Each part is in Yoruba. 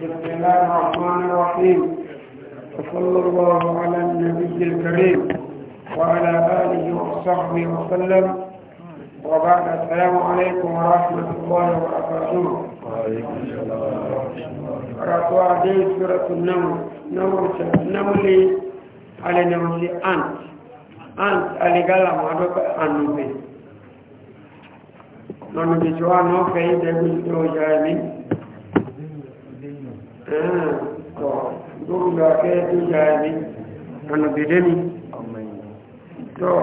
بسم الله الرحمن الرحيم وصلى الله على النبي الكريم وعلى آله وصحبه وسلم وبعد السلام عليكم ورحمة الله وبركاته وعليكم السلام سورة النمر النمل نمل على نمل أنت أنت على قلم عدوك أنبي نمل نوكي فإذا بجدو جايبين gbogbo akẹ́ tó ni tọ́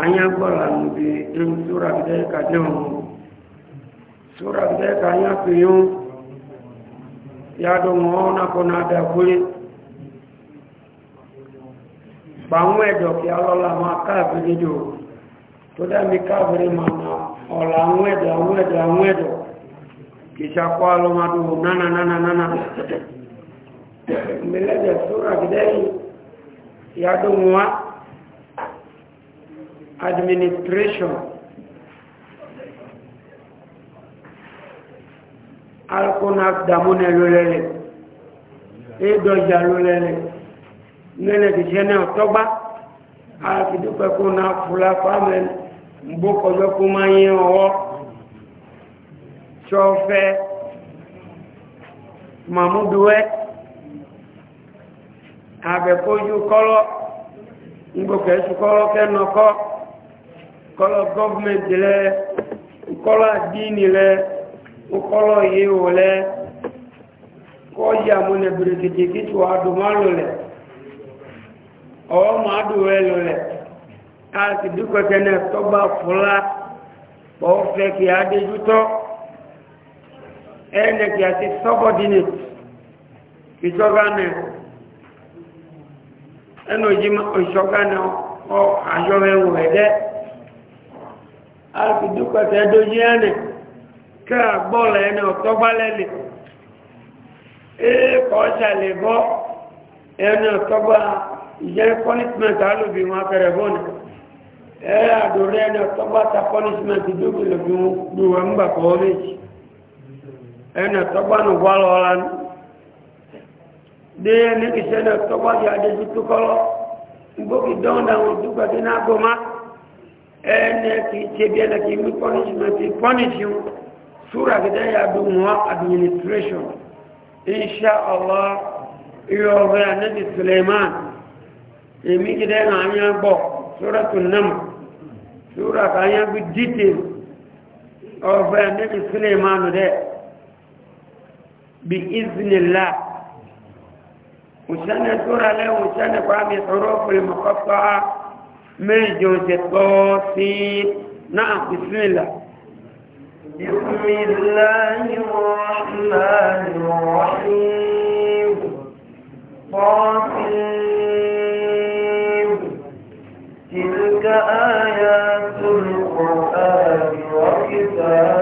àyà gbọ́ra nùbí ń sóra bìdẹ́ kàdé ọ̀hún sóra bìdẹ́ kàyà fi yún yàdọ̀ wọn nàkọ́ náà dà kúlé gbàwọn ẹ̀dọ̀ kí alọ́la máa káàbìrì dò tó dá mi káàbìrì máa ọ̀la àwọn ẹ̀dọ̀ àwọn ẹ̀dọ̀ àwọn ẹ̀dọ̀ ìṣàkọ́ alọ́mọdúnwò nánà nánà nánà mẹ́lẹ́dẹ̀ sóra gidẹ́yìn yàdùnwá administration alkonak damune lólẹ́lẹ̀ édọjà lólẹ́lẹ̀ nílẹ̀ kìíṣẹ́ náà tọ́gbá alkìdúpẹ́kún náà fúlá fámẹ́lì mbókọ̀lọ́kún máa yẹ ọwọ́ tsɔfɛ mamuduɛ abɛkoju kɔlɔ ŋgbɔkɛsu kɔlɔ kɛnɔkɔ kɔlɔ gọọmenti lɛ kɔlɔ adiini lɛ kɔlɔ yewo lɛ kɔyamu nɛ berekete kitu adumalu lɛ ɔwɔmɔ aduwɛ lu lɛ aliki dukɔkɛ ẹ̀ẹ́dẹ̀ kí oh, a ti subordinate ìṣọ́gánẹ̀ ẹnu ìṣọ́gánẹ̀ ọ àyọ́wẹ̀wò ẹ̀dẹ́ alùpùdúkọ̀tẹ̀ ẹdójí ẹ̀nẹ̀ kẹ́ àgbọ́ọ̀lẹ̀ ẹni ọ̀tọ́gbálẹ́lẹ̀ ee kọ́ọ̀ṣà bọ́ ẹni ọ̀tọ́gbá ìjẹ́ punishment alùbí wọn ẹ̀ẹ́ ẹni ọ̀tọ́gbá ta punishment ẹnà tọ́gbánù wà lọ́la ní dé ní ìṣẹ́ ẹnà tọ́gbájú adéjú tó kọ́lọ́ gbókì dọ́ndà wọn dúgbà tí náà gbọ́má ẹnà kì í ṣe bí ẹnà kì í mú pọ́nìṣìmẹ̀tì pọ́nìṣì súra administration insha allah suleiman e بإذن الله وسنة سورة له وسنة قام الحروف المقطعة من جوز الطاسين نعم بسم الله بسم الله الرحمن الرحيم طاسين تلك آيات القرآن وكتاب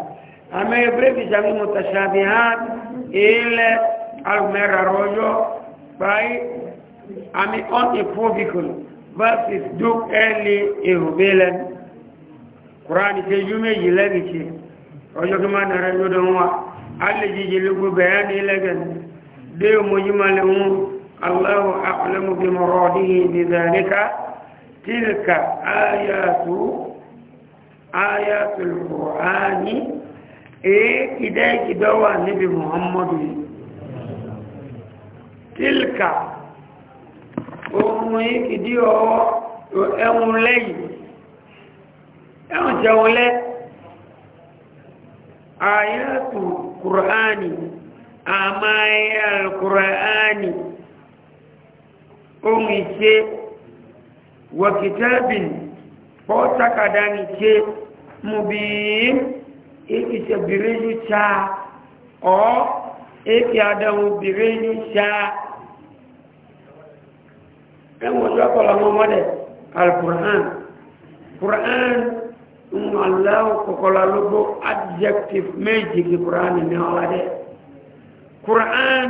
ame ebreki sami mutashabihat ile almera rojo by ami e unequivocal verses duk eli ehubelen qur'an ke jume yilegi ci rojo kuma na rajo don wa alle jiji lugu bayani الله أعلم بمراده بذلك تلك آيات آيات القرآن ee eh, kìdẹ́ kìdọ́ wà níbi muhammadu yìí tílkà ohun yìí kìdí ọwọ́ ẹ̀hùn lẹ́yìn ẹ̀hùn jẹun lẹ́ ayatu kùránì àmáyà kùránì ohun ìṣe wọ̀kìtẹ́bìn pọ́ takàdá ìṣe mubin eki se birenyu cha o eki adawo birenyu cha ẹwọ e sọ kọlọ mọ mọdẹ alukur'an kur'an ń aláwọ kọkọlọ lóko adjective méjì kí kur'an ní ọlá dẹ kur'an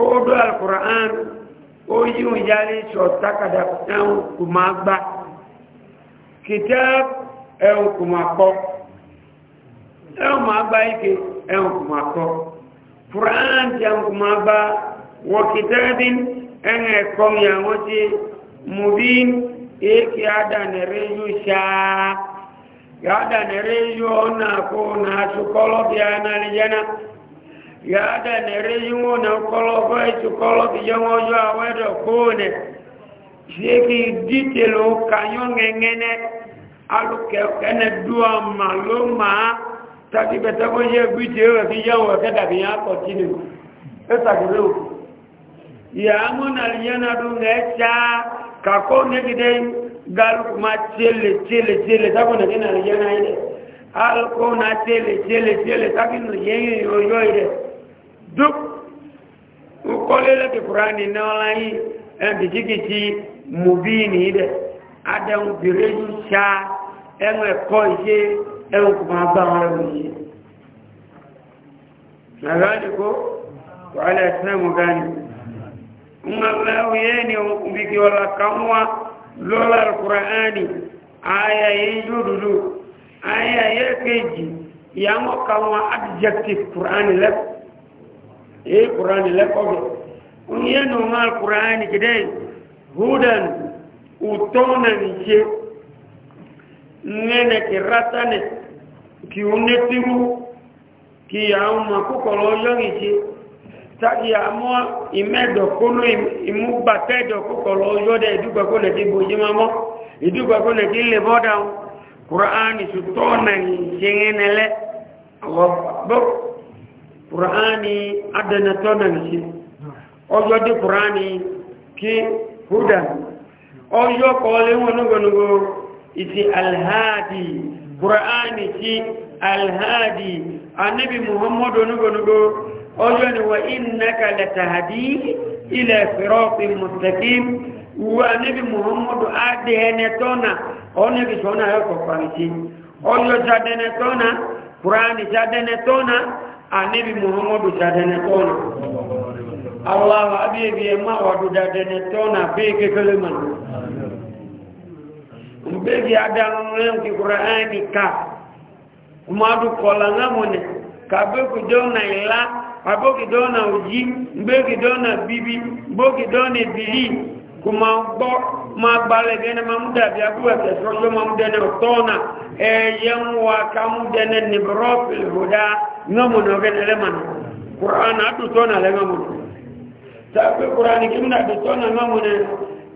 ó dọ alukur'an ó yíwò yálé sọ takada ẹwọn kùmà gbà kìtẹ́ ẹwọn kùmà kọ́. ẹ̀hùn máa bá ike ẹ̀hùn kò máa kọ́. france ẹ̀hùn kò máa bá wọ́n kì tẹ́lẹ̀bí ẹ̀hùn ẹ̀kọ́ mi àwọn ṣe mùbín èkì àdánẹ̀rẹ́ yóò ṣáá. yàdánẹ̀rẹ́ yóò nà kó nà àtúkọ́lọ́ bí anàlìyẹ́nà. yàdánẹ̀rẹ́ yóò nà kọ́lọ́ bọ́ ìtúkọ́lọ́ bí yẹn wọ́n yọ àwẹ́dọ̀ kóònẹ̀. ṣé kí dìtẹ̀lù kàyọ́ ngẹ́ngẹ́nẹ́ alùkẹ́kẹ́ ne dùn àmàlú màá. tàbí bẹ̀tẹ̀ bó yẹ gbíjẹ rẹ̀ fi yẹ́ wọ̀ ẹ̀kẹ́ dàbí yá kọ̀ tí nìmọ̀ ẹ́sàkìlẹ̀ òkú ìyà amúnàlìyànà dùn ẹ̀ẹ́sà kàkọ́ nẹ́gidẹ́ galùkùmá tíẹ̀lẹ̀ tíẹ̀lẹ̀ tíẹ̀lẹ̀ tábọ̀nà kí nàlìyànà yìí dẹ̀ alùkùnà tíẹ̀lẹ̀ tíẹ̀lẹ̀ tíẹ̀lẹ̀ tábí nìyẹn yóò yìí dẹ̀ dùk ukọ́lélẹ́kì kùránì náà láyé ẹ̀ǹdìjìkìtì mùbí nìyí dẹ̀ adẹ̀hùn bìrẹ́yù sá ẹ̀ǹ ẹ̀kọ́ ìṣe ẹwọ kò máa bá wọn lọ yìí nàgbàdìkó wàhálà ìsìlẹ̀mù gani mọ̀láwù yẹ́ ni bíkí ọlá kanwá lọ́lá alkùránì ayà yẹ́ yóòdúdú ayà yẹ́ kéjì ìyàmọ́ kanwá adjective kùránì lẹ́kọ̀ọ́ yẹ́ kùránì lẹ́kọ̀ọ́ nene kiratane kiunetiru kiyauma kukolo yogichi takiyamua imedo kunu imubatedo kukolo yode iduka kone tibujimamo iduka kone kileboda qur'ani sutona ngenele wabok qur'ani adana tona ngi oyode qur'ani ki hudan oyo kole wonugo nugo isi alhadi qur'ani ci alhadi annabi muhammadu nugo nugo ọjọ́ ni wa innaka latahdi ila siratin mustaqim wa annabi muhammadu ade ene tona onabi tona yo ko pamiti ọjọ́ jadene tona qur'ani annabi muhammadu jadene tona allah abiye biye ma wadu jadene tona be ke keleman mbegi adamu mwengi Qur'ani ka kumadu kola ngamone kabe kujona ila abo kidona uji mbe kidona bibi mbo kidona bili kuma bo ma bale gene ma muda bi abuwa ke sojo ma muda ne tona e yan wa ka muda ni brofil huda ngamone gene le man Qur'an adu tona le ngamone ta be Qur'an kimna adu tona ngamone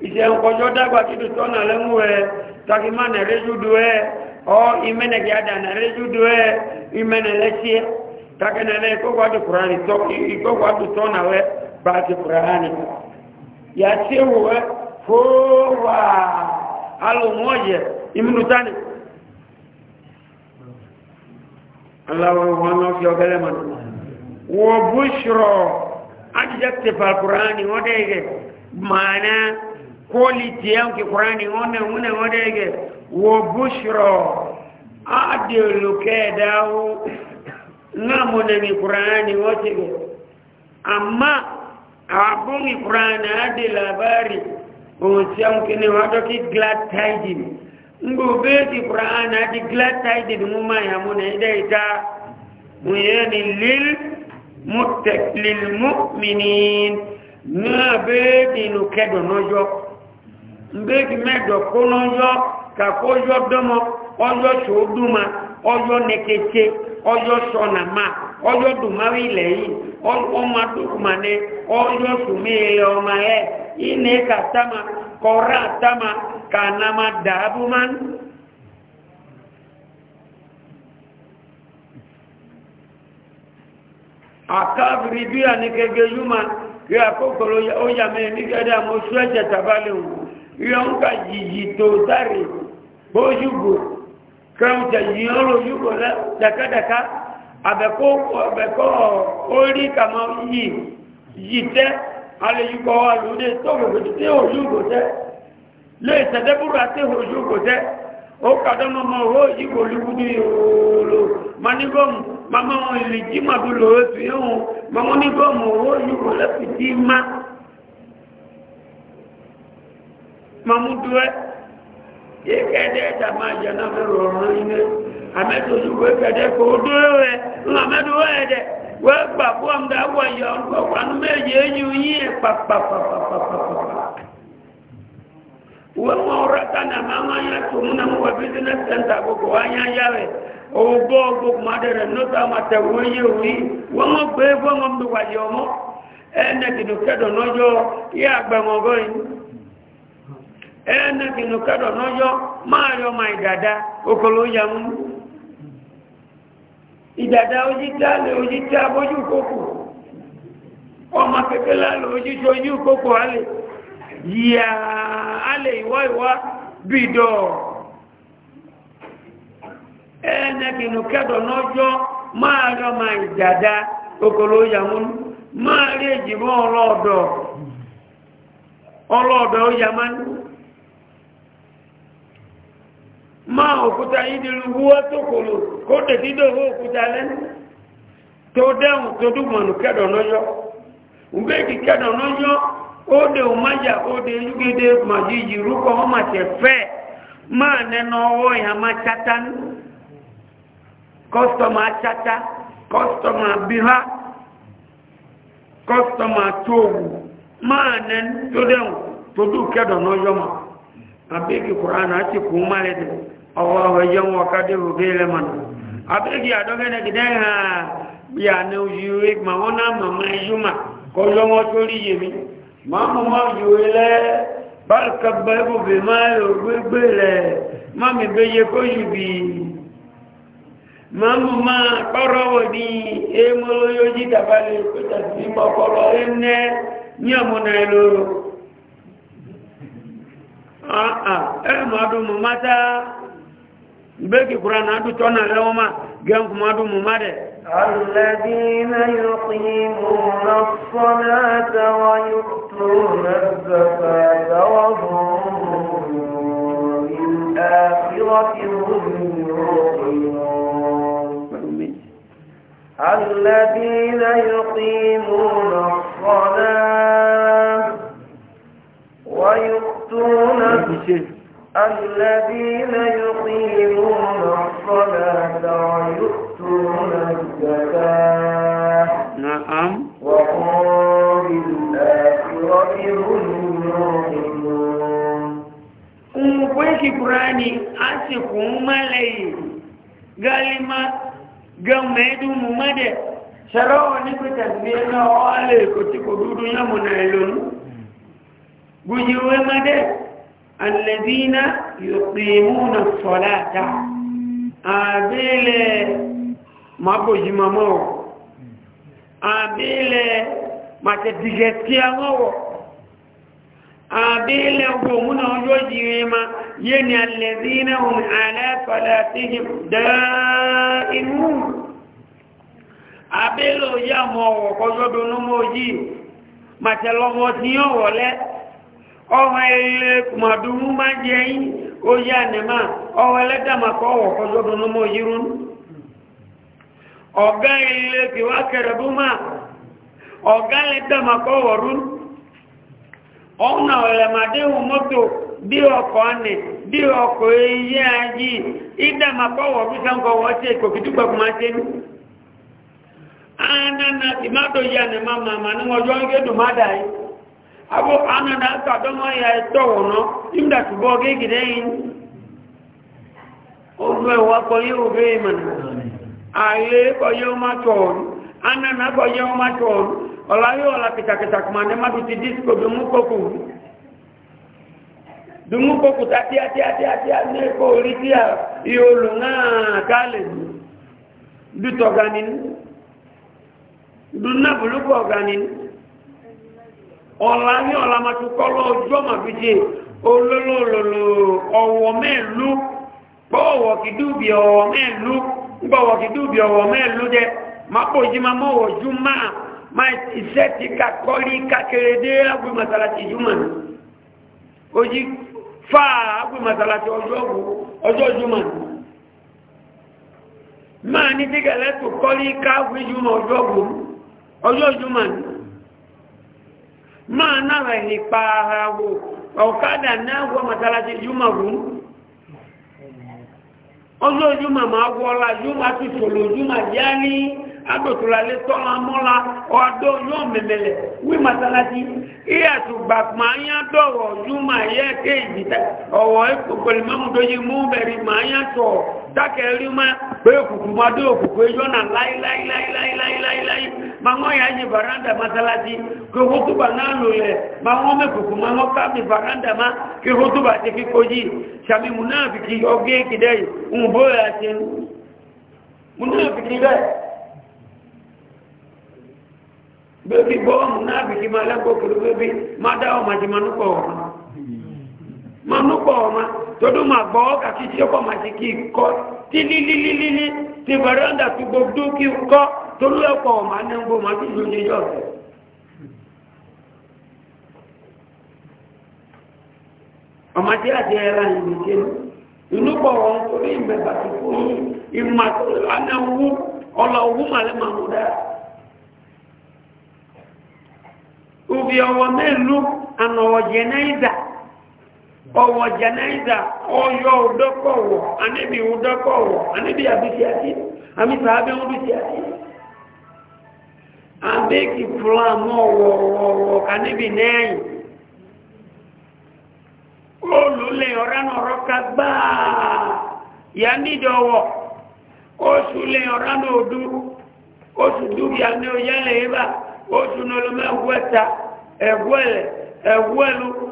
ise ko joda ba kidu tona le ngwe takima oh, na rejudu e o imene giada na rejudu e imene lesie takana le ko kwa qur'ani to ko kwa to na we ba ti qur'ani ya sewu e fo wa alu moje imnu tani Allah wa ma fi ogele man wo bushro adjective al qur'ani wodege mana quality yanki Qur'ani ngone ngone ngodege wo bushro adilu kedawo ngamo ne mi Qur'ani wotege amma abungi Qur'ani adila bari onsiam kene wado ki glad tidings ngo be ki Qur'ani adi glad tidings muma ya mune ida muyeni lil muttak lil mu'minin ngabe dinu kedo nojo ndéki mẹ́jọ kóná yọ kàkó yọ dọ́mọ ọyọ sọdúnmá ọyọ nẹkẹkẹ ọyọ sọnàmá ọyọ dùnmáwí lẹyìn ọmọdúnmáni ọyọ sùnmíyẹ ọmọ yẹ iné kàtàmà kọrọ àtàmà kànàmà dàbùmá. akabiribi anikegeyuma kí akókòrò oyàmẹ nígbàdí àmọ sùwẹjẹ tàbálẹ òwò. yọ̀ǹkà jìjì tó sáré bójúgbò kẹrùntẹ̀ yìí ó lójúgbò dẹ́kẹ́dẹ́ká àbẹ̀kọ́ orí kàmọ yìí yìí tẹ́ alẹ́yìnkọ́ wà lóde tóògbò tí òjúgbò tẹ́ lè tẹ́tẹ́bùrù àti òjúgbò tẹ́ ó kàdọ́mọ́ mọ́ owó ìgbò lúgbùdú yòòlò ma ní gọ́ọ̀mù ma máa ń lè jí màdúlò ó fi hàn ma mọ́ ní gọ́ọ̀mù owó ìgbò lẹ́fìdí máa mamuduɛ yi kɛdɛ ta ma jɛ na mi rɔrɔ yi ne amɛtutu wo kɛdɛ ko o do yɛ ŋa mɛ do yɛ dɛ wo gba ko am da wɔ yɔ ŋgɔ wa nu mɛ yɛ nyu yi yɛ kpakpakpakpakpakpakpa wo ŋa ɔrɔ na ma ŋa yɛ to business center gbogbo wa nya ya yɛ o bɔ gbogbo ma de rɛ n'o ta o yi wo ŋa gbɛ fɔ ŋa mi wa yɔ mɔ ɛ nɛgɛdɔ kɛdɔ n'ɔjɔ yɛ agbɛŋɔ ẹ̀ẹ́nà kìnnù kẹ́dọ̀ náà yọ máa rí ọmọ ìdàdá okòló ya mú ìdàdá ojú tálẹ̀ ojú tí a kókò ọmọ kékeré lálẹ̀ ojú iwa ojú kókò alẹ̀ yíya alẹ̀ ìwọ́ ìwá bìdọ̀ ẹ̀ẹ́nà kìnnù kẹ́dọ̀ náà máa ìdàdá mú ma òkúta ìdílú wúwá tó kòrò kó tẹ̀sí dòwó òkúta lẹ́nu tó dẹ́hùn tó dùgbọ̀nù kẹ́dọ̀ lọ́yọ́ ìgbéjì kẹ́dọ̀ lọ́yọ́ ó o máyà ó dé yúgédé màjí ìrúkọ̀ ọmọ tẹ̀ fẹ́ máa nẹnu ọwọ́ abeki qur'an ati kumale de allah wajan wa kadu gele man abeki adoge ne gidan ha ya ne ujiwe ma ona ma ma ko lo mo tori yemi ma mo ma yuele bal kabbu bima yugbele ma mi beye ko yubi ma mo ma porowo ni e mo lo yoji tabale ko tasbi mo koro enne nyamo na loro ẹ̀rẹ̀ máa dùn mú má tá gbégi kúrò náà dùn tọ́nà lẹ́wọ́n má gẹ́m kú máa dùn mú má dẹ̀. الذين يقيمون الصلاة ويؤتون الزكاة وهم بالآخرة هم يوقنون الذين يقيمون الصلاة ويؤتون الذين يقيمون الصلاة ويؤتون الزكاة نعم وهم بالآخرة هم يوقنون كنكوكي قراني أسكم ملي قالما قمدوا ممدد شرعوا نكتب بينا وعليكم تكدودوا يا منعلون gbogbo ẹmọdé alẹ́bíná yòpèmúnà sọ́láta àbílẹ̀ mabojima mọ́wọ̀ àbílẹ̀ màtẹ̀dìgẹ̀ tí a mọ́wọ̀ àbílẹ̀ gbòmúnà ọjọ́ jìrì ma yé ni alẹ́bíná hùn aláfàlà tí dáínú àbílẹ̀ òyà mọ́wọ̀ kọjọ́ dúnú mọ́ yìí màtẹ̀lọ́mọ́ tí yọ́ wọ̀lẹ́ ọhụrụ ma dumu ma jie anyị oyi anịma ọhụrụ maka ọwụ ọfọdụ ọdụnụ ma oyiru ọgaghịle bi wa kere bụ ma ọgaghịta maka ọwụrụ ọ na ọhụrụ ma dị hụ moto dị ọkọ anị dị ọkọ eyi anyị ịda maka ọwụrụ sa nke ọwụrụ ọchị ekoki tupu ọkụ ma a na na ti ma doyi anịma ma ma na ọjọọ nke dumada anyị Abu ana na aka domo ya to wono inda tu bo ge o me wa ko yo be man aye ko yo ma to ana na ko yo ma to ola yo la kita kita kuma ne ma biti disco do mu koku do mu koku ta ti ati ati ati ne ko ri ti a yo lu na kale du to ganin du na bulu ko ganin ọ̀la ní ọla ma tún ọjọ́ ma fi ṣe olólòlòlò ọ̀wọ̀ mẹ́ẹ̀lú gbọ́wọ̀ kì dúbi ọ̀wọ̀ mẹ́ẹ̀lú jẹ́ jí jú máa ti fa ọjọ́ jú mọ̀ máa ní tíkẹ̀lẹ́ tó kọ́lí ká ọjọ́ ma náà ní pàáhàwò ọ̀kádà náà wọ́n mọ̀tálásí yúmọ̀ rún ma yúmọ̀ máa wọ́lá yúmọ̀ tó ṣòlò yúmọ̀ yá ní agbòtòlálé tọ́lá mọ́lá ọdọ́ yóò mẹ́mẹ́lẹ̀ wí mọ̀tálásí ìyàtùgbà máa yá dọ̀wọ̀ yúmọ̀ yẹ kéèjì ọ̀wọ̀ màwọn yà nyi varanda masalasi kò hótóba náà lò lẹ màwọn mẹkùkù màwọn kábi varanda ma kò hótóba ti fi kojú sàmì munafiki ọgé kìdẹ ń bó yà ti munafiki bẹ bébí bọ́ munafiki ma lẹ́kọ̀ọ́ kìlú bébí má dá ọmọ àti manúkọ̀ ọ̀hún. mọ̀mú pọ̀ ọma tọdún ma gbọ́ ọ́ kàkí tí ó kọ̀ máa ti kí ti tó gbogbo kí i kọ́ torí m'a ọmọ ní gbogbo máa tún lóye ọmọ tí ìlú inú tó kú ọwọ janaiza ọyọ udọkọwọ anabi udọkọwọ anabi abusi ati amisa abe udusi ati abeki flam ọwọwọwọ kanabi nẹyin olùlẹ ọrànọrọ kagbá yanidọwọ oṣùlẹ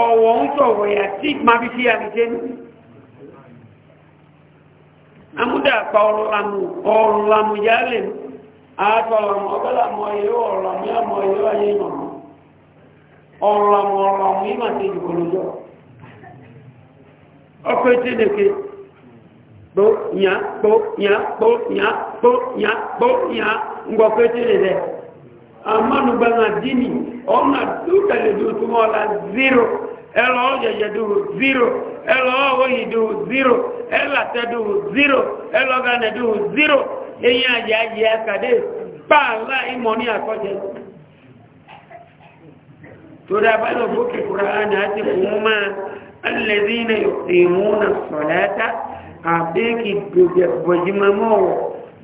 ọ̀wọ̀ ń ya yà tí ma fi ṣe àríṣẹ́ ní amúdà pa ọrùnlamù yálẹ̀ àtọ̀lọ̀mù ọgọ́làmọ̀ yóò ọ̀rọ̀mù yàmọ̀ yóò ayé amanu gbana dini ọna dúdàlejò tó mọ́ la zero ẹlọ ọjẹjẹdò zero ẹlọ ọwọyìdò zero ẹlàtẹdò zero ẹlọ ganẹdò zero eyín àjẹ àjẹ àkàdé pààlà ìmọ̀ ní àkọ́jẹ torí abájọ fókè kúrò àná àti fún máa alẹ́dínà ìmúna sọ̀lẹ́ta àbẹ́kì gbogbo mamọ́wọ̀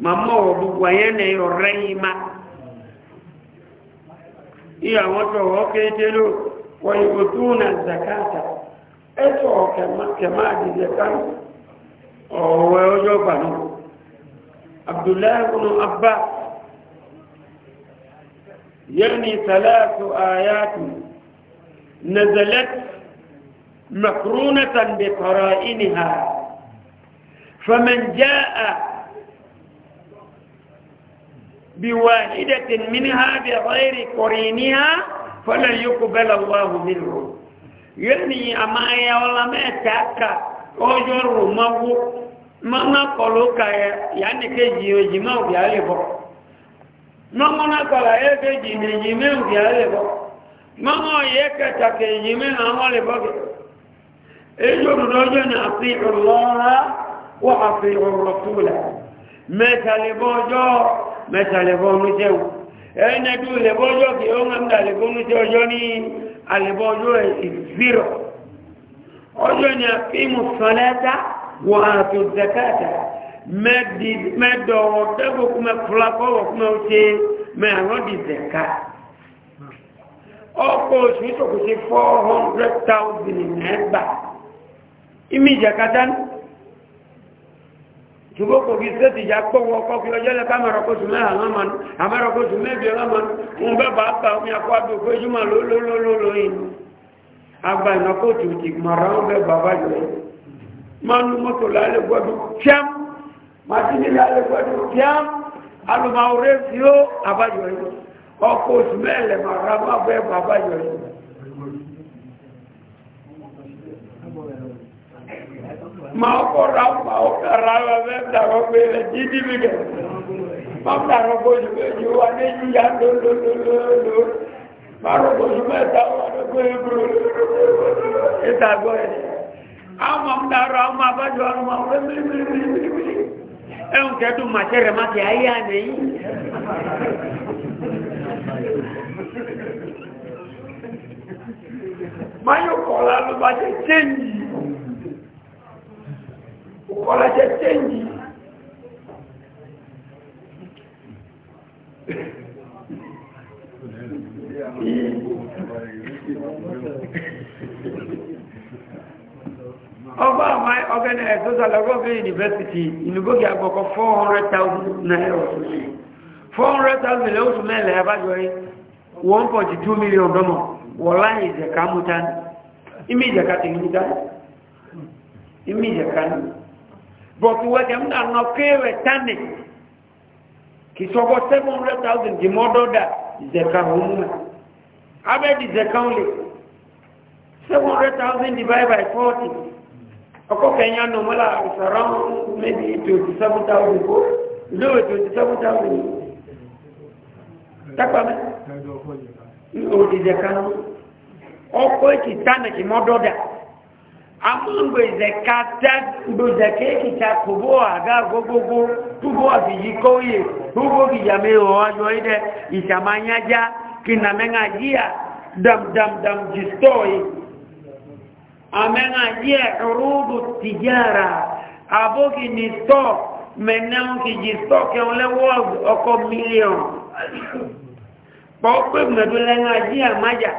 mamọ́wọ̀ gbogbo ayẹ́nà yọ̀ rẹ́yìn máa iya wato hoke telo wa yutuna zakata eto kema kema di zakat o we ojo panu abdullah ibn abbas يعني ثلاث آيات نزلت مقرونة بقرائنها فمن جاء بواحدة منها بغير قرينها فلا يقبل الله منه يعني أما يا ولا ما تاكا أجر ما ما نقولك يعني كي يجمع بيالبو ما ما قال يا كي يجمع بيالبو ما ما يكتا كي يجمع عمالبو اجر رجل أطيع الله وأطيع الرسول مثل بوجو mẹ́ta lẹ́bọ́ ọmọ iṣẹ́ wù ẹni tó lẹ́bọ́ ọjọ́ kí ó ń gbà lẹ́bọ́ ọmọ iṣẹ́ ọjọ́ ní alẹ́bọ́ ọjọ́ ìzírọ̀ ọjọ́ ni a fi mú sọ́lẹ́ta wọ́n àtò zakata mẹ́dọ̀wọ́ 400,000 imi zakata tuboko giseti ya kpɔwɔ kɔfi ɔdze lɛ k'amɛrɛ kosu mɛ hã ma nu amɛrɛ kosu mɛ bi hã ma nu ŋun bɛ ba ba ŋun yakɔ adu ko eduma lolololo yi agba yi n'ɔkɔ tu ti mara ŋun bɛ ba ba yɔ yi manu moto la ale gbɔdu fiam matini la ale gbɔdu fiam alumawo re fio aba yɔ yi ɔkɔ osu lɛ mara ma bɛ ba ba yɔ yi. máa kọ́ra máa kọ́ra ọ̀bẹ dàrọ́ pé ilẹ̀ jíjí mi kẹ̀. máa dàrọ́ bójú méjì wà ní yíyá lólólólóló. máa rọ bójú mẹ́ta wà ní gbogbo ìtàgbọ́ ẹ̀. àwọn máa dàrọ́ àwọn máa bájọ́ àwọn máa wẹ́ mímímímí. ẹ̀hùn kẹ́dùn màtẹ́rẹ̀ má ti ayé àná yìí. máa yóò kọ̀ lálùbájẹ́ chéńjì. kọ́lá ṣe tẹ́ǹjì ọba àmà ọgẹ́nà ẹ̀sọ́sà lọ́gọ́fẹ́ yunifásitì ìlúgbógi àgbọ̀kọ̀ 400,000 naira oṣù 400,000 lẹ́wọ́sù mẹ́lẹ̀ abájọ́ yìí 1.2 million dọ́mọ̀ wọ́lá ìjẹ̀ká mú tán imi ìjẹ̀ká tẹ̀yìn mú tán imi ìjẹ̀ká ní but wẹ́kẹ̀ ń dà nọ kéèrè tánì kì sọ́kọ́ seven hundred thousand di mọ́dọ́dà ìzẹ̀ka òun mẹ́ abẹ́dì ìzẹ̀ka òun lè seven hundred thousand divided by forty ọkọ̀ kẹ̀yìn anamọ́lá is around maybe twenty seven thousand kó lóòrè twenty seven thousand tápá mẹ́ ìzẹ̀ka ọkọ̀ ìkì kì mọ́dọ́dà. amúlùgbò ìzẹ̀ká tẹ́gbòjẹ̀ké kìtà kòbó àgá gbogbogbò túbò àfìyí kóyè túbò kìjàmé ọ̀ọ́yọ́ ìdẹ́ ìṣàmáyájá kí nà mẹ́ngà yíà dàmdàmdàm jìstọ́yì àmẹ́ngà yíà rúdù tìjára àbókì ní tọ́ mẹ́nẹ́hùn kì jìstọ́ kẹun lẹ́wọ́ ọkọ̀ mílíọ̀n pọ̀ pé mẹ́dúnlẹ́ngà yíà májà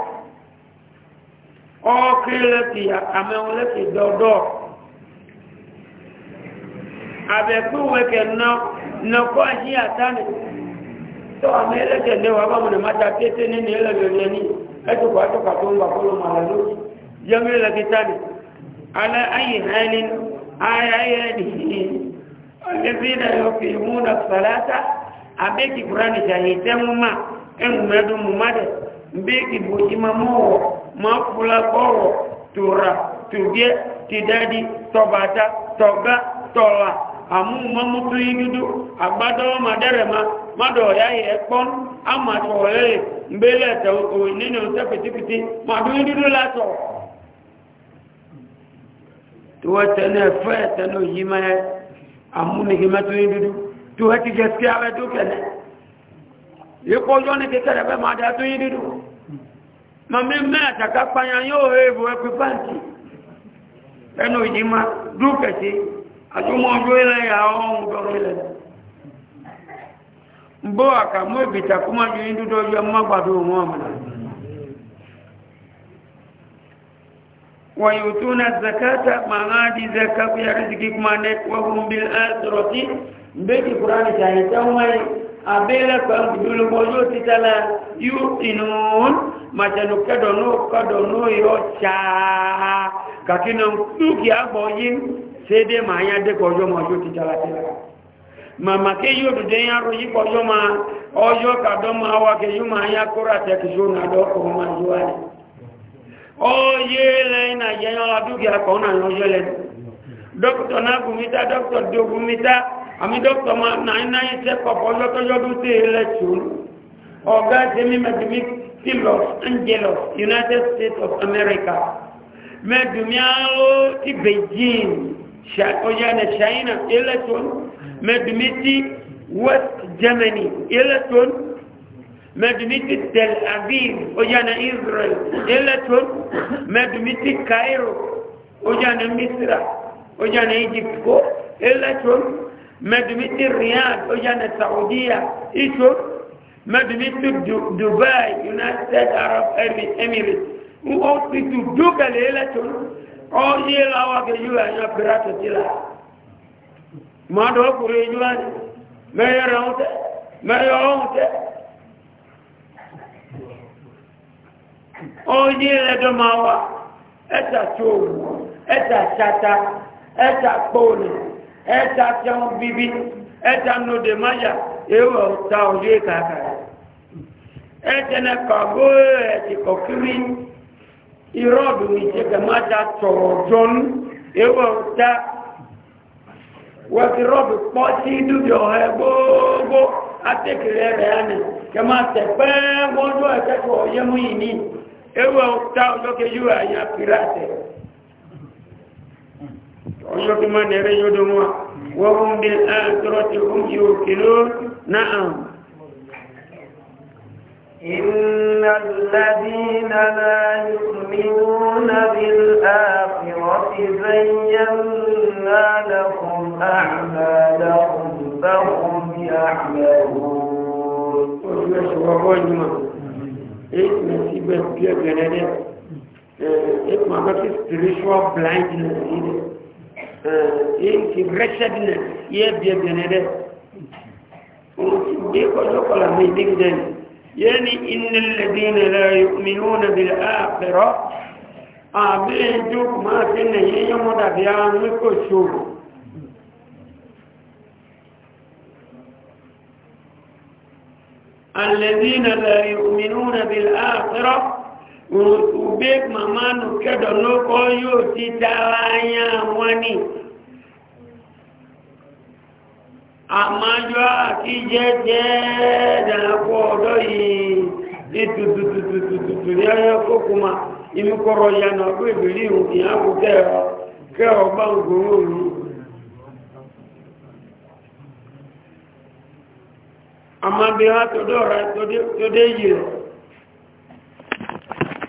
ọ́kí lẹ́kì àmẹ́hun lẹ́kì dọ́dọ́ àbẹ̀kúwẹ́kẹ̀ nọ́kọ́ sí àtàmì tó àmẹ́ lẹ́kẹ̀ lẹ́wà bá mọ̀nà máta kété nínú ẹlẹ́gbẹ̀rẹ̀ ní ẹtùkọ̀ àtọ́kà tó ń gbà fọ́lọ́ màlálú yẹmí lẹ́kì tàbí alẹ́ ayé hẹ́ni ayé nìyí ọ̀lẹ́bí náà yọ fi mú na sàlátà àbẹ́kì kúránì sàyẹ̀ tẹ́mú mà ẹ̀mùmẹ́dùn mùmádẹ̀ mbẹ́kì bòjì máa mú wọ̀ ma kọ́rọ̀ tòrà tògẹ́ tìdádì tọ̀bàtà tọ̀gá tọ̀là àmúmọ́mútú yídúdú àgbádọ́wọ́ màdẹ́rẹ̀má mádọ̀ ọ̀yá yẹ pọ́n àmàtọ̀ọ̀lẹ́ ìgbélẹ̀ tẹ̀wọ̀ nínú tẹ́pìtìpìtì màdún yídúdú ti mami mẹ́rin àtàkà panya yóò hẹ́ẹ̀bù ẹkùn pàǹtì ẹnu ìdímá dúkẹ̀tì àtúmọ̀ ọjọ́ ilẹ̀ yà ọ̀hún dọ́mílẹ̀ mbó àkàmú ìbìtà kó má zakata màá di zaka bí a rìsìkì kuma ní wọ́n bí a sọ̀rọ̀ sí mbẹ́kì kúránì sàyẹ̀tẹ̀ wọ́n abẹ́lẹ̀ kan dùdú lọ́wọ́ yóò yóò tìǹún màjẹ̀nù kẹ́dọ̀ ní kọ́dọ̀ ní yọ ṣáá kàkí na dúkìá gbọ́ yí sédé màá yá dé kọjọ́ mọ́ ọjọ́ ti jára sí lára màmá ké yóò dùdé yá ro yí kọjọ́ máa ọjọ́ kàdọ́ máa wá ké yóò máa na kóra tẹ̀kìṣó nàdọ́ kọ́ máa yọ wá ní. ọyẹ lẹ́yìn àyẹ̀yàn la dúkìá kọ́ náà yọjọ́ lẹ́nu dókítà náà gùnmítà dókítà dógùnmítà àmì dókítà máa náà náà yẹ sí los angeles united states of america mẹ́dùmíàló ti beijing ọjọ́nà china eleton mẹ́dùmí ti west germany eleton mẹ́dùmí ti tel aviv ọjọ́nà israel eleton mẹ́dùmí ti cairo ọjọ́nà misra ọjọ́nà egypt kó eleton mẹ́dùmí ti riyadh ọjọ́nà saudiya eleton mẹ́tìmítì dubai united arab emirates ń kọ́ títù dúkẹ̀lẹ̀ ẹlẹ́tọ̀ ọ́ yé láwọ́ akẹ́yù ẹ̀yàn pẹ̀lẹ́tọ̀ ti la máa dọ̀ ọkùnrin ẹ̀yù wá ní mẹ́yẹ rẹ̀ ń tẹ́ mẹ́yẹ ọ̀hún tẹ́ ọ́ yé ẹ̀dọ́ máa wà ẹ̀ta tó òwú ẹ̀ta ṣata ẹ̀ta kpọ́ọ̀nì ẹ̀ta tẹ́wọ́n bíbí ẹ̀ta nòdè máyà ewa ta ojú kàkà ẹtẹnẹ kàgó ẹtì kọkiri irọdù ìṣẹkẹmọta tọrọ jọn ewa ta wẹbi rọbì pọtí dúdú ọhẹ gbogbo atẹkẹrẹ rẹ ẹni kẹmọ tẹpẹ gbọdọ ẹkẹkọ ọyẹmú yìí ni ewa ta ojú kẹjú ẹyà pírátẹ ọjọ kí má nẹrẹ yọdọ wọn. وهم بالآخرة هم يوكلون نعم إن الذين لا يؤمنون بالآخرة زينا لهم أعمالهم فهم يعملون It must be a pure ti brexit na yẹ bia bia na dɛ bi kɔjɔ kɔla mi digi dɛ yanni inna ladina la yuminuna bil akhira a bɛ jo kuma se na ye yɔmɔ da bia mi ko so الذين لا يؤمنون بالآخرة òbí màmá nù kẹ́dọ̀ lókọ́ yóò ti dára yá wọn ni àmájọ́ àti jẹ́jẹ́ dàpọ̀ ọ̀dọ́ yìí ní tutututututu ní ọyọ́ kókó ma inú kọ́rọ̀ ya nà ọdún ìbílí ìyàwó kẹ́ọ̀ kẹ́ọ̀ bá ń gbòòrò mi. àmàbí wa tó dé ọ̀rá tó dé yìí rẹ̀.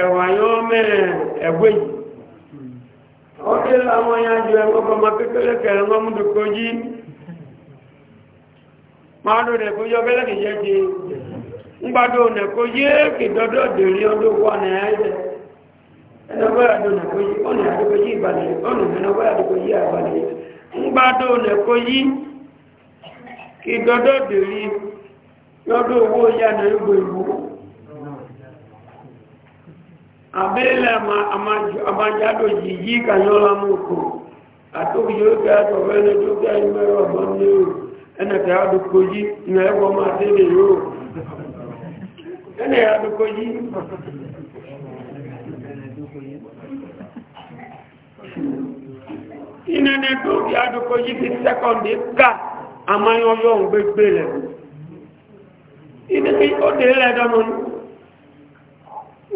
ẹ̀wà yóò mẹ́rin ẹ̀gbẹ́ yìí ó dé láwọn ya jù ẹ̀wọ́ ọmọ kékeré kẹrẹ wọn mú dùkọ́ yí máa ló rẹ̀ kó yọ bẹ́lẹ̀ kì yẹ kó kì dọ́dọ̀ dèrí ọdún ní ẹ̀ẹ́dẹ̀ kó yí ọ̀nà yí ìbàlẹ̀ ọ̀nà yí kó yí kì dọ́dọ̀ dèrí ọdún owó abẹ́lẹ̀ àmájádò yìí kàyọ́lá mọ́kò àtóbi yóò kẹ́ àtọ̀wọ́ ẹni tó kẹ́ ẹni mẹ́rọ ọ̀gbọ́n ní o ẹni kẹ́ àdúkò yí ìnà ẹgbọ́n máa tẹ́lẹ̀ yóò ẹni àdúkò yí ìnà ẹni tó kẹ́ àdúkò fi sẹ́kọ̀ndì ká àmáyọ́yọ́ ń gbégbé rẹ̀ ìdíbi ó dé lẹ́dọ́mọ́nù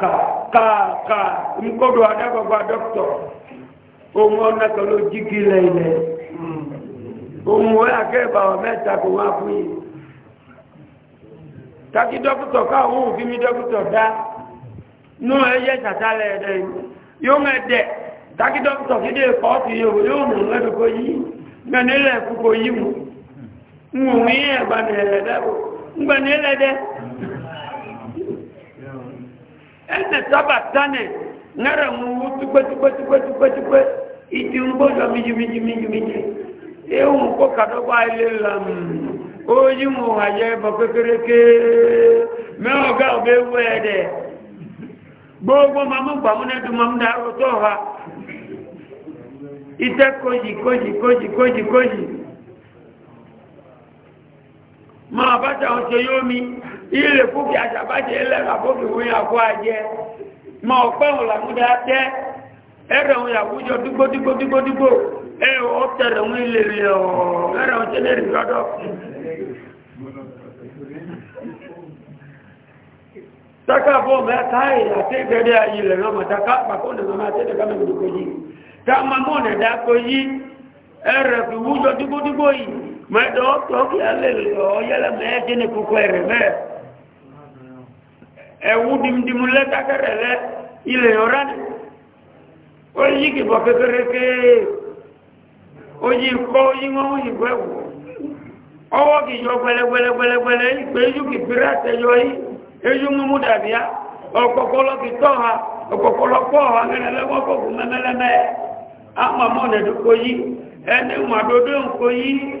ka ka ka mkodo adagogba dɔktɔ ohun ɔna kalo jigi lɛ ilɛ ohun wo ake bawa mɛta taki ka ohun fi mi da nu eye tata lɛ ɛdɛ yóò taki dɔktɔ fi dị kɔɔtu yi o yóò yi yi ẹnẹ sábà tánẹ ńlẹrẹ ń wú tupẹtupẹtupẹtupẹtupẹ ìdí ń gbọdọ mijimijimijimiji ewu kó kadọba ilé lam mm. oyi mu ayẹ bọ kékeré mẹwọn gá ọbẹ wú ẹ dẹ gbogbo mamu gbàmúnẹdùn mamu dàrú tó ha. ìtẹ kojì kojì kojì kojì kojì. Ma bá tàwọn ṣe yóò mi ilé fúkì àṣàbájẹ ẹlẹ́ra fúkì wọ́n yà àjẹ́ ma ọ̀pẹ́ òun làmúdá tẹ́ ẹ̀rẹ̀ òun yàwújọ dúgbò dúgbò dúgbò dúgbò ẹ̀ ọ̀tẹ̀rẹ̀ òun ilé rẹ̀ ọ̀rọ̀ ẹ̀rẹ̀ òun tẹ́lẹ̀ rí lọ́dọ̀ takabo mɛ kaa yi ate bɛ de ayi lɛ nɔ mɛ taka kpakpo ne mo ne da ko yi ɛrɛ fi wujɔ mẹ́tọ́ tọ́kì alẹ́lẹ́ ọ̀yẹ́lẹ́ mẹ́ẹ́dé ní kúkọ́ ẹ̀rẹ̀ mẹ́ẹ̀ ẹ̀wú dìmdìmú lẹ́tàkẹ́rẹ̀ lẹ́ ilẹ̀ ọ̀rá ni ó kìbọ̀ kékeré kéé kọ́ yí wọ́n ọwọ́ yìí ha yìí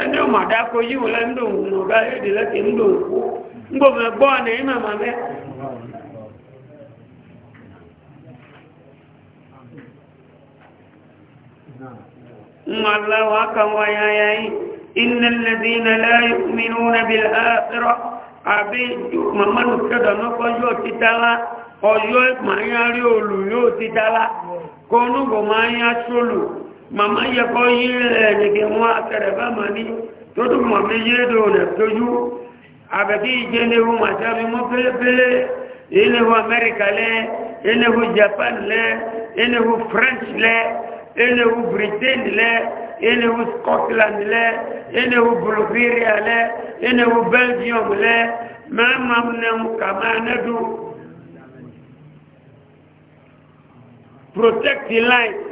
ẹni ọmọ àdákọ yíwò lẹ́ndò òun ọ̀gá èdè lẹ́kẹ̀ ńlò òkú ńgbòmọ̀ gbọ́ ọ̀nà ìmọ̀ màmẹ́ الله أكبر يا ياي إن الذين لا يؤمنون بالآخرة àbí màmánu kẹdọ̀ nọ́kọ́ yóò ti dára ọjọ́ ìpànyà rí olù yóò ti dára kọ́nùgbò máa ń yá sólù màmá yẹ kọ́ yí rẹ̀ nìkẹ́ wọn akẹrẹ̀ bá ma ní tó tó mọ̀ fi yé dò nẹ̀ tójú àbẹ̀kí ìjẹ́ léwu màtàbí mọ́ pélépélé iléwu amẹ́ríkà lẹ́ iléwu japan lẹ́ iléwu french lẹ́ iléwu britain lẹ́ iléwu scotland lẹ́ iléwu bulgaria lẹ́ iléwu belgium lẹ́ mẹ́ẹ̀mà nẹ̀wù kàmá nẹ́dù protect the life.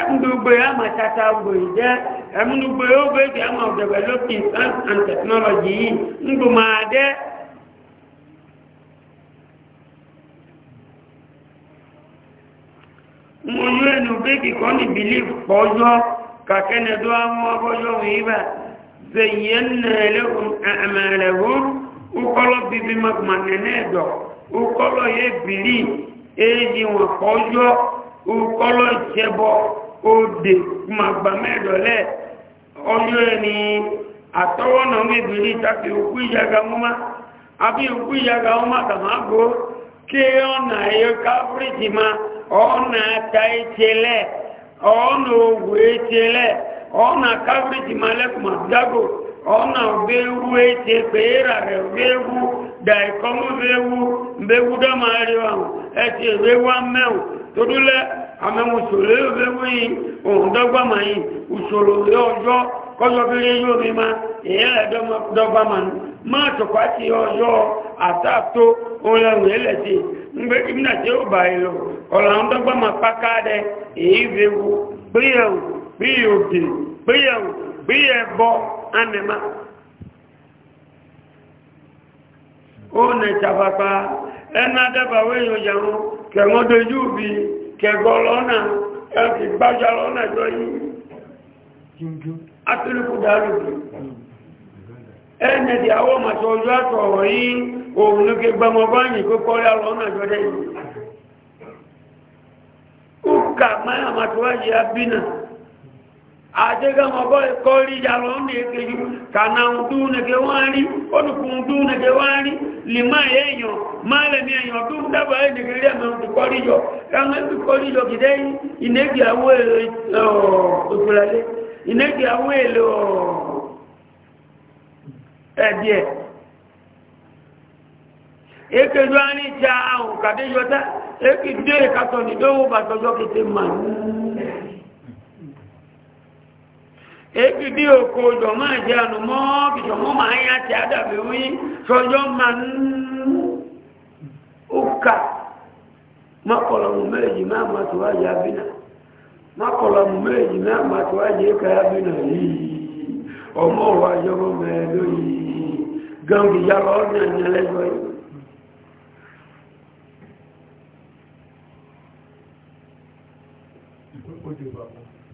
Emdugbe ama tata gboyi jẹ́, emdugbe ó bèbè ama of developing science and technology yìí, ngbò máa dẹ́. Mo yú ẹnu bèbè kọ́ ní belief pọ̀jọ́ kàkẹ́nẹ̀dọ́ àwọn ọgbọ́jọ́ wíwà, zèyẹ́ nẹ̀ẹ́lẹ́hùn àmàlẹ̀hùn, ukọ́lọ́ bíbí mọ̀kùnmọ̀nẹ́ẹ̀dọ̀, ukọ́lọ́ yẹ bìlí, èyí wọn pọ̀jọ́, ukọ́lọ́ ìṣẹ́bọ̀. òde ma gbà mẹ́ẹ̀dọ̀lẹ́ ọjọ́ ẹni àtọwọ́nà mẹ́bìrì tàbí òkú ìyàgà mọ́má àbí òkú ìyàgà mọ́má tàmágbó kí ọ na káfíríjì ma ọ̀nà ta ẹ̀tẹ̀lẹ̀ ọ̀nà òwò ẹ̀tẹ̀lẹ̀ na káfíríjì ma lẹ́kùnmọ̀ dágò ọ̀nà òbẹ́wú ẹ̀tẹ̀ eti rẹ̀ òbẹ́wú dàìkọ́mọ́bẹ́wú mbẹ́wú dámàárí àmẹ́wò ṣòro yóò fẹ́ wí ohun dọ́gbàmà yìí ìṣòro yóò yọ kọ́jọ́ bí lè yóò rí ma èyàn ẹ̀dọ́gbàmà ní máa tọ̀kọ́ àti ọjọ́ àtàtó ohun ó nẹ̀ ṣàfàfà ẹ̀ná dábàá wẹ́yìn ọjà wọn kẹ̀wọ́n dojú bíi kẹgọ lọ́nà ẹ̀kì gbájá lọ́nà jọ yìí atúlùkúdà lùkù ẹ̀nẹ̀ tí àwọn màtí ọjọ́ àtọ̀wọ̀ yìí òun ló ké gbọmọgbọ́ yìí kó kọ́ yà lọ́nà jọ yìí ó kà máa màtí wáyé abínà àjẹ́gẹ́ ọgbọ́ ẹ̀kọ́ rí yàrá ọ̀nà èkèjú kànà ọdúnnẹ̀gẹ́ wọ́n rí olùkùn ọdúnnẹ̀gẹ́ wọ́n rí lèmá èèyàn máa lẹ́mí èèyàn tó ń dábàá ẹ̀nẹ̀gẹ́ rí ẹ̀mọ̀ ìkọ́ ríyọ káwọn ẹ̀kọ́ ríyọ kìdẹ́ èlò ebi bí òkò ọjọ́ máa jẹ́ ànùmọ́ ìjọ mọ́ máa yá ti àdàbí wí ṣọjọ́ ma ń òkà ma méjì máa máa tó wáyé abínà máa tó wáyé ẹ̀kà abínà yìí ọmọ ọ̀wọ́ àjọ́gbọ́n mẹ́ẹ̀ẹ́dọ́ yìí lọ́ọ́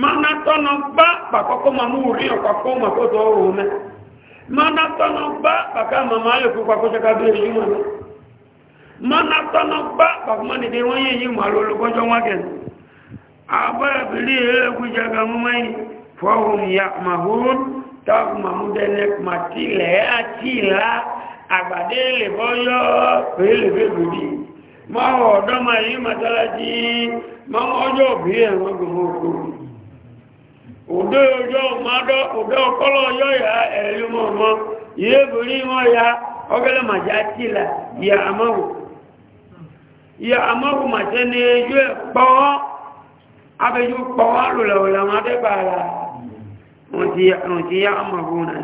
mana tɔnɔ ba bakɔkɔ ma mu wuri yɔ kɔkɔ ma ko tɔ wo mɛ mana tɔnɔ ba baka mama ayɔ ko kɔkɔ sɛ ka do eyi ma mɛ mana tɔnɔ ba bakuma de wɔn ye yi ma lolo kɔjɔ wa kɛ aba ebili ele ku jaga muma yi fɔwom ya mahun tɔk mamu de ne kuma ti lɛ ati la agbade le bɔ yɔ pe le be gudi ma wɔ dɔma yi masalasi ma wɔ yɔ udo ojo mmadụ udo ọkọlọ ọjọ ya elimọmọ ihe bụrụ ime ya ma ogele atila ya amaghụ ya amaghụ mace na-eju kpọọ abịju kpọọ alụlọla mmadụ bara nti ya amaghụ na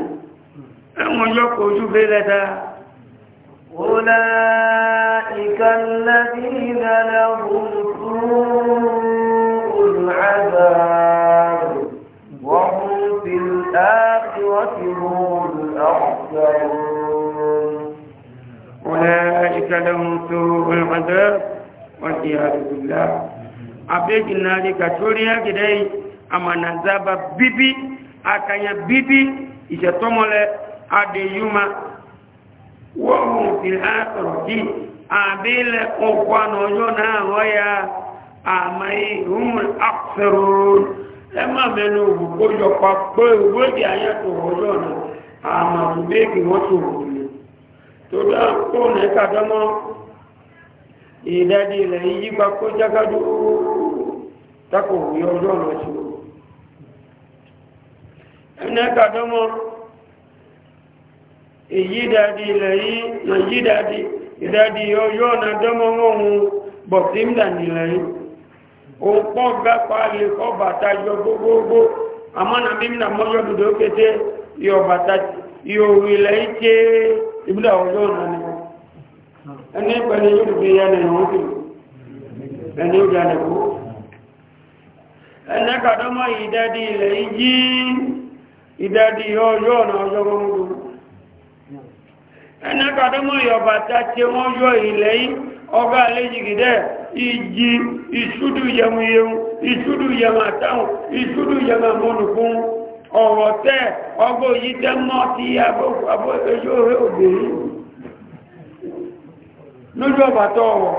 enwejọ ka oju belata أولئك الذين لهم سوء العذاب الخاسرون الأخسرون أولئك لهم سوء العذاب والعياذ بالله أبيك ذلك توريا كدي أما نزاب بيبي أكايا بيبي إشتمل أديوما وهم في الآخرة أبيل أخوان وجونا ويا أما هم الأخسرون ẹ má mẹ́nu òwò kó yọ pa pé òwò èdè ayé ọjọ́ ọ̀nà àmàmù méjì wọ́n tó wò ní tó dá fóònù ẹ̀ka dámọ́ ìdádì ilẹ̀ yìí kó jágádó tako òwò ọjọ́ ọ̀nà tó wò ẹ̀nà ẹ̀ka dámọ́ ilẹ̀ yìí na yí dádì ọjọ́ ọ̀nà dámọ́ wọn òpó gbápa lè kọ́ bàtà yọ gbogbogbò àmọ́nà mímí nà mọ́jọ́ dùdú kété yọ bàtà yọ òwìlẹ̀ ike ìbúdà ọjọ́ ọ̀nà ẹni pẹ̀lú yóò dùdú yẹn ni ìwọ̀n ẹni ó nìkú ẹni kàdọ́mọ́ ilẹ̀ ìjì ìṣúdù yẹmuyẹun ìṣúdù yẹmàtàun ìṣúdù yẹmàmọ́nùkún ọ̀rọ̀ tẹ́ ọgbọ́ yìí tẹ́ mọ́ ti abọ́ẹ̀ṣọ́ obìnrin lójú ọ̀bàtọ̀ ọ̀rọ̀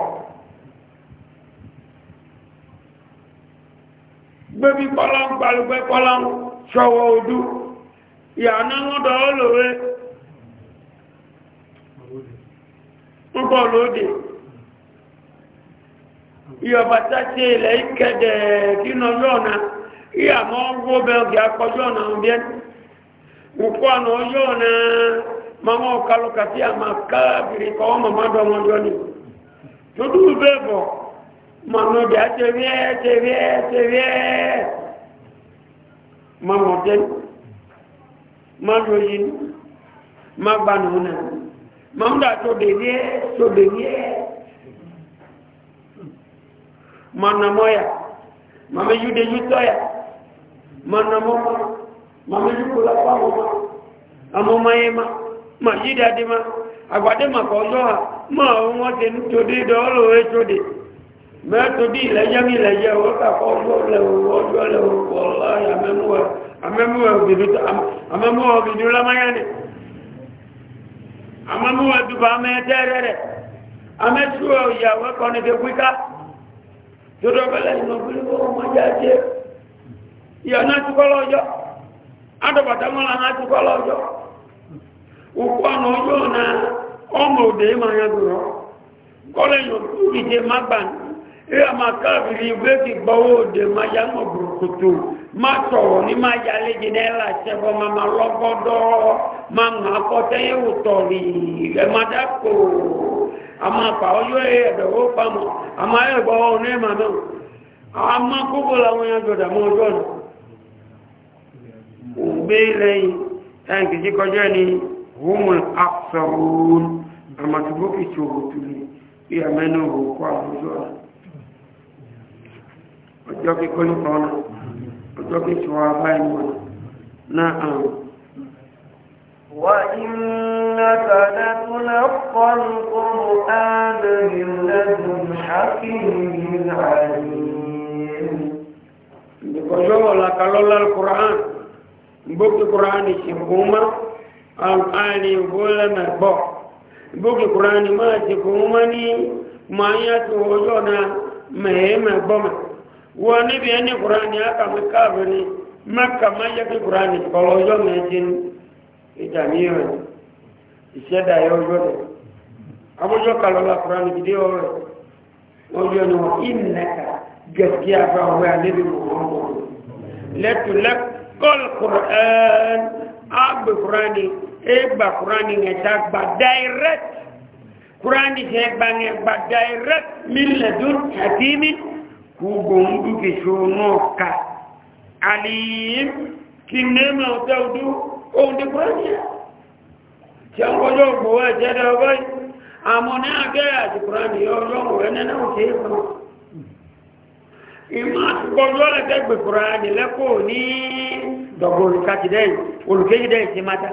gbébí kọ́lọ́n gbalùgbẹ́ kọ́lọ́n ṣọwọ́ odú ìyànà ńlọ́dọ̀ ọlọ́rẹ́ ń bọ̀ lóde ìyọba tàṣe ilẹ̀ ìkẹ́dẹ̀ kínú ọjọ́ ọ̀nà ìyàmọ́ owó bẹ́ọ̀gì akọjọ́ ọ̀nà ọ̀bẹ́ nǹkọ́ ọ̀nà ọjọ́ ọ̀nà mọ́mọ́ ọ̀kálùkà tí a máa káàbìrì kọ́ mọ̀mọ́dọ́mọdọ́ ni tó dúró bẹ́ẹ̀ bọ̀ mọ̀mọ́dé àtẹ̀rẹ́ tẹ̀rẹ́ tẹ̀rẹ́ mọ̀mọ́dé mọ́dọ̀yìn mọ́gbanú náà mọ́mọ́dà tó dèrí ẹ́ tó dèrí ẹ́ Mana moya, mama, manamoya mamejude yutoya manamoma mamejukula kwamoma amomayema majidadima agbade makọjọha ma wọn ti ń tòdí dọ́ọ̀lù ètòdì mẹ́tòdí ìlẹ́jẹ́mí ìlẹ́jẹ́ òkàkọ́ ọjọ́ lẹ́wọ̀ ọjọ́ lẹ́wọ̀ ọ̀la àmẹ́múwẹ̀ òbìdú lámáyáni àmẹ́múwẹ̀ dùbà amẹ́tẹ́rẹ́rẹ́ amẹ́túwẹ̀ òyàwó ẹ̀kọ́ ní kékwíká dodo bẹ̀lẹ̀ ìmọ̀ bí wọ́n mọ̀ jẹ́ jẹ́ ìyọ̀nà tukọ́lọ̀ ọjọ́ adọ̀bàtàmọ́lá náà na ọmụ ma ya dùrọ̀ kọ́lẹ̀yìn òkúrìdè má gbà ní àmà káàbìrì ìgbéèkì gbọ́wọ́ ama pa ọjọ́ ẹ̀ẹ̀dọ̀ e ó pamọ̀ ama a má kókó e láwọn èèyàn jọ̀dà mọ́ ọjọ́ ọ̀nà ògbé lẹ́yìn ẹ̀yìn kìí kọjọ́ ẹni woman afẹ́rún àmàtúgbó kìí ṣòro tuli kí àmẹ́nu òkú àwùjọ ọjọ́ kíkọ́ nípa náà وإنك لتلقى القرآن من لدن حكيم عليم بقصوا لك لولا القرآن بوك القرآن شبهما أو آلي ولا مربو بوك القرآن ما شبهما ني ما يتوجونا مهما بما ونبي أن القرآن يكا مكابني مكة ما يكي القرآن فلو يوم يجين ìdàníyàn ìṣẹ́dà ẹ̀ ọjọ́ rẹ̀ abójọ́ kalọ́lá kúránì gidé ọ̀rẹ́ ọjọ́ ni wọ́n ìnẹ̀ka gẹ̀ẹ́gẹ́ àbá ọ̀rẹ́ alẹ́bí mọ̀ọ́mọ́ lẹ́tùlẹ́ kọ́l kúrán ágbè kúránì égbà kúránì ẹ̀ta direct kúránì ṣe gba direct mílẹ̀dún àdínní kúgbò ń dúkìṣó náà ka àlìyé kí nẹ́ẹ̀mà ọ̀tẹ́ ọdún ohun ti kúrẹ́nì ẹ̀ tí a ń rọjọ́ ògbòwò ẹ̀jẹ̀ dá ọgọ́ yìí àmọ́ ní agẹ́rẹ́ àti kúrẹ́nì ọjọ́ òwúrẹ́ nínú òkè ìfún ìmọ̀ àtúgbọ́jọ́ lẹ́gbẹ̀ẹ́ kúrẹ́nì lẹ́kọ̀ọ́ ní dọ̀gbọ̀n olùkàtìdẹ́ olùkéjìdẹ́ ti máta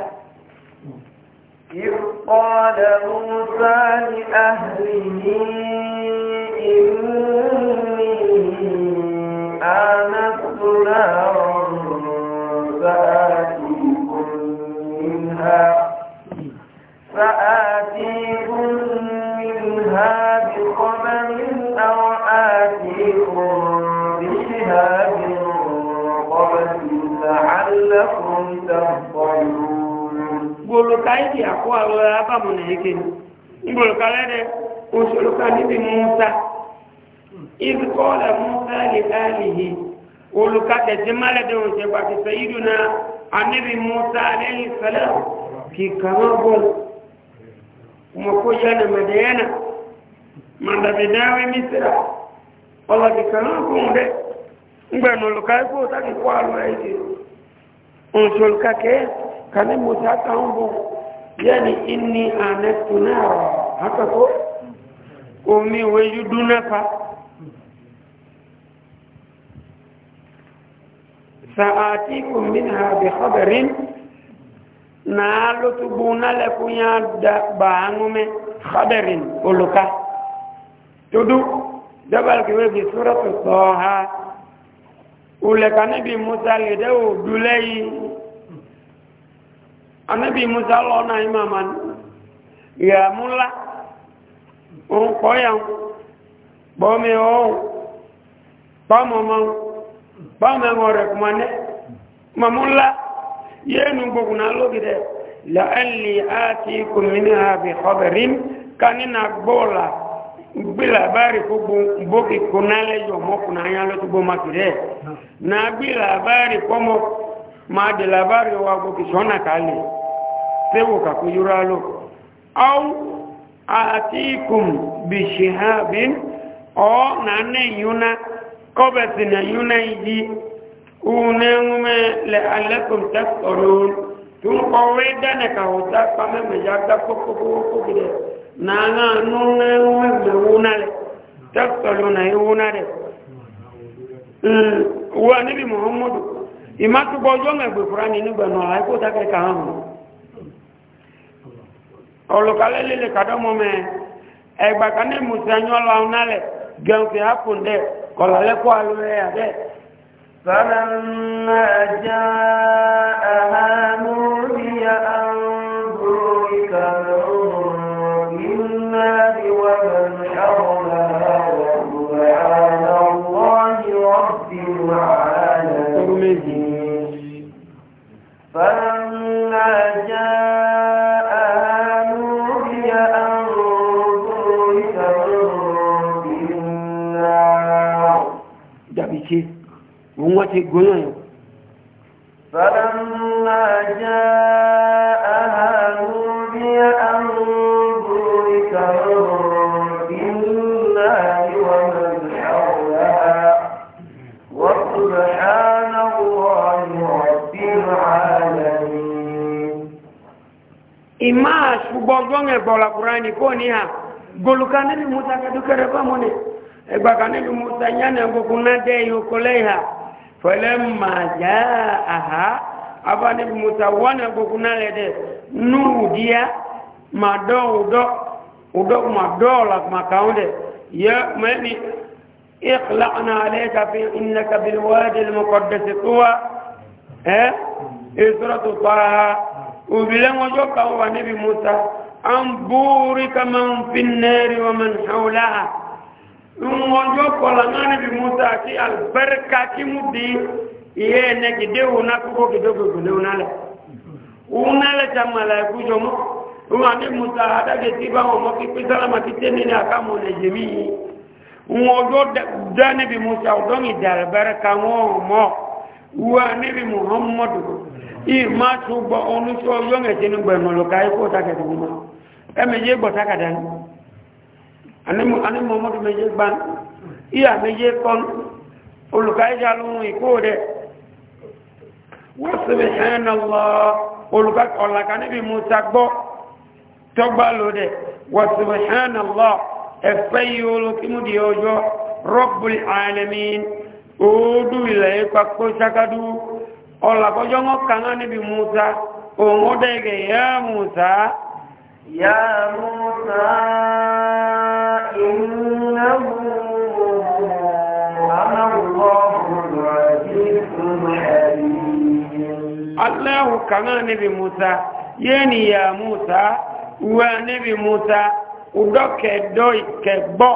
إذ قال موسى لأهله إني آنست نارا منها فآتيكم منها بخبر أو آتيكم بشهاب قبس لعلكم تفضلون قولوا كايتي أقوى الله أبا منهكين قولوا كايتي وشلوكا نبي موسى إذ قال موسى لآله olùkàtẹ̀ tí mọ́lẹ̀dẹ̀ òṣè pàtí sẹ́yìdù náà anẹ́bí musa alayhi salam kì kàmọ́ bọ́n kuma kó yánà mẹ́dẹ̀yánà mọ̀dàbí dáwé mísírà ọlọ́dì kàmọ́ bọ́n rẹ̀ ngbẹ̀nà olùkàkẹ́ kó tàbí kó àlọ́ olùkàkẹ́ sa'atikum minha bi khabarin na lotubuna lekun ya da baanume khabarin uluka tudu dabal ke bi suratu taha ulaka nabi musa le dawo dulai anabi musa lo na imaman ya mula on koyan bome o pamomon báwọn ẹ̀wọ̀n rẹ̀ kùmọ̀ ní mọ̀mú ńlá yéènù gbogbo náà lókìdẹ̀ lẹ́ẹ̀lì àti kòmínà àbí ọbẹ̀rin ká nínà gbọ́ọ̀là gbìlà báàrí gbogbo gbókè kó nálẹ̀ yọ mọ́kùnrin ayá ló ti gbó ma kìí máa dè làbáàrí wa gbókè sọ́nà kálẹ̀ tẹ́wò kàkó yúrá lò àti kùm bìṣìhàbín ọ́ nà ní yúnáà kọ́bẹ̀tì nà yúnà ìdí òun ẹ̀húnmẹ́ lẹ alẹ́kùn tẹ́kọ̀ọ́rún tó ń kọ́ wé dẹ́nẹ̀ kàwùtá pàmẹ́mẹ́ yá gbá kókókókókìdẹ̀ náà náà nún ẹ̀húnmẹ́ wúnà rẹ̀ tẹ́kọ̀ọ́rún náà wúnà rẹ̀ wọ́n níbi gẹ̀ǹkì ápùndẹ̀ kọ̀lọ̀lẹ́kọ́ alúrẹ́ àbẹ́ فلما جاءها نودي أن بورك إنا بومن حولها وسبحان الله رب العالمين ti gún náà yìí. فلما جاءها نودي أن بورك بالله ومن حولها وسبحان الله رب العالمين إما شبوغون بولا قرآن كونها goluka nabi musa kadukere pamone egbaka nabi musa nyane ngokuna de yokoleha فلما جاءها أبان المتوانا بكنا لدي نور ديا ما دو دو ودو ما دولك ما كاوند يا مني اخلعنا عليك في إنك بالوادي المقدس طوى ها إيه؟ سورة طه وبلن وجوك هو نبي موسى أن بورك من في النار ومن حولها ŋmɔnjɔ kɔla ŋani bi musa ki albarika ki mu di iye ne gide wuna koko gide ko gide wuna lɛ wuna lɛ la malaya ku jɔ mɔ wuna ne musa ada ke ti ba wɔmɔ ki pe ma ki te ne ne a ka mɔ ne jemi yi ŋmɔnjɔ da ne bi musa o dɔn ki da albarika ŋɔ mɔ wa ne bi muhammadu i ma tu gbɔ ɔnu sɔ yɔnkɛ tenu gbɛmɔlɔ ka ye ko ta kɛ dugu ma ɛmɛ ye gbɔ ta ka da ni. ani muhammadu meje gban iya meje kon olùkáyíjà lóhun ìkó rẹ̀ wọ́n síbi ṣẹ́nà lọ olùkà níbi musa gbọ́ tọ́gbà lóde wọ́n síbi ṣẹ́nà lọ ẹ̀fẹ́ yìí olùkímúdì ọjọ́ rọ́bùl alamin oòdù ilẹ̀ ipa kó ṣakadú ọlàkọjọ́ wọn kàn án níbi musa òun ó dẹ́gẹ̀ musa. يا موسى إنه أنا الله العزيز الحليم الله كما نبي موسى يني يا موسى ونبي موسى udoke doi ke bo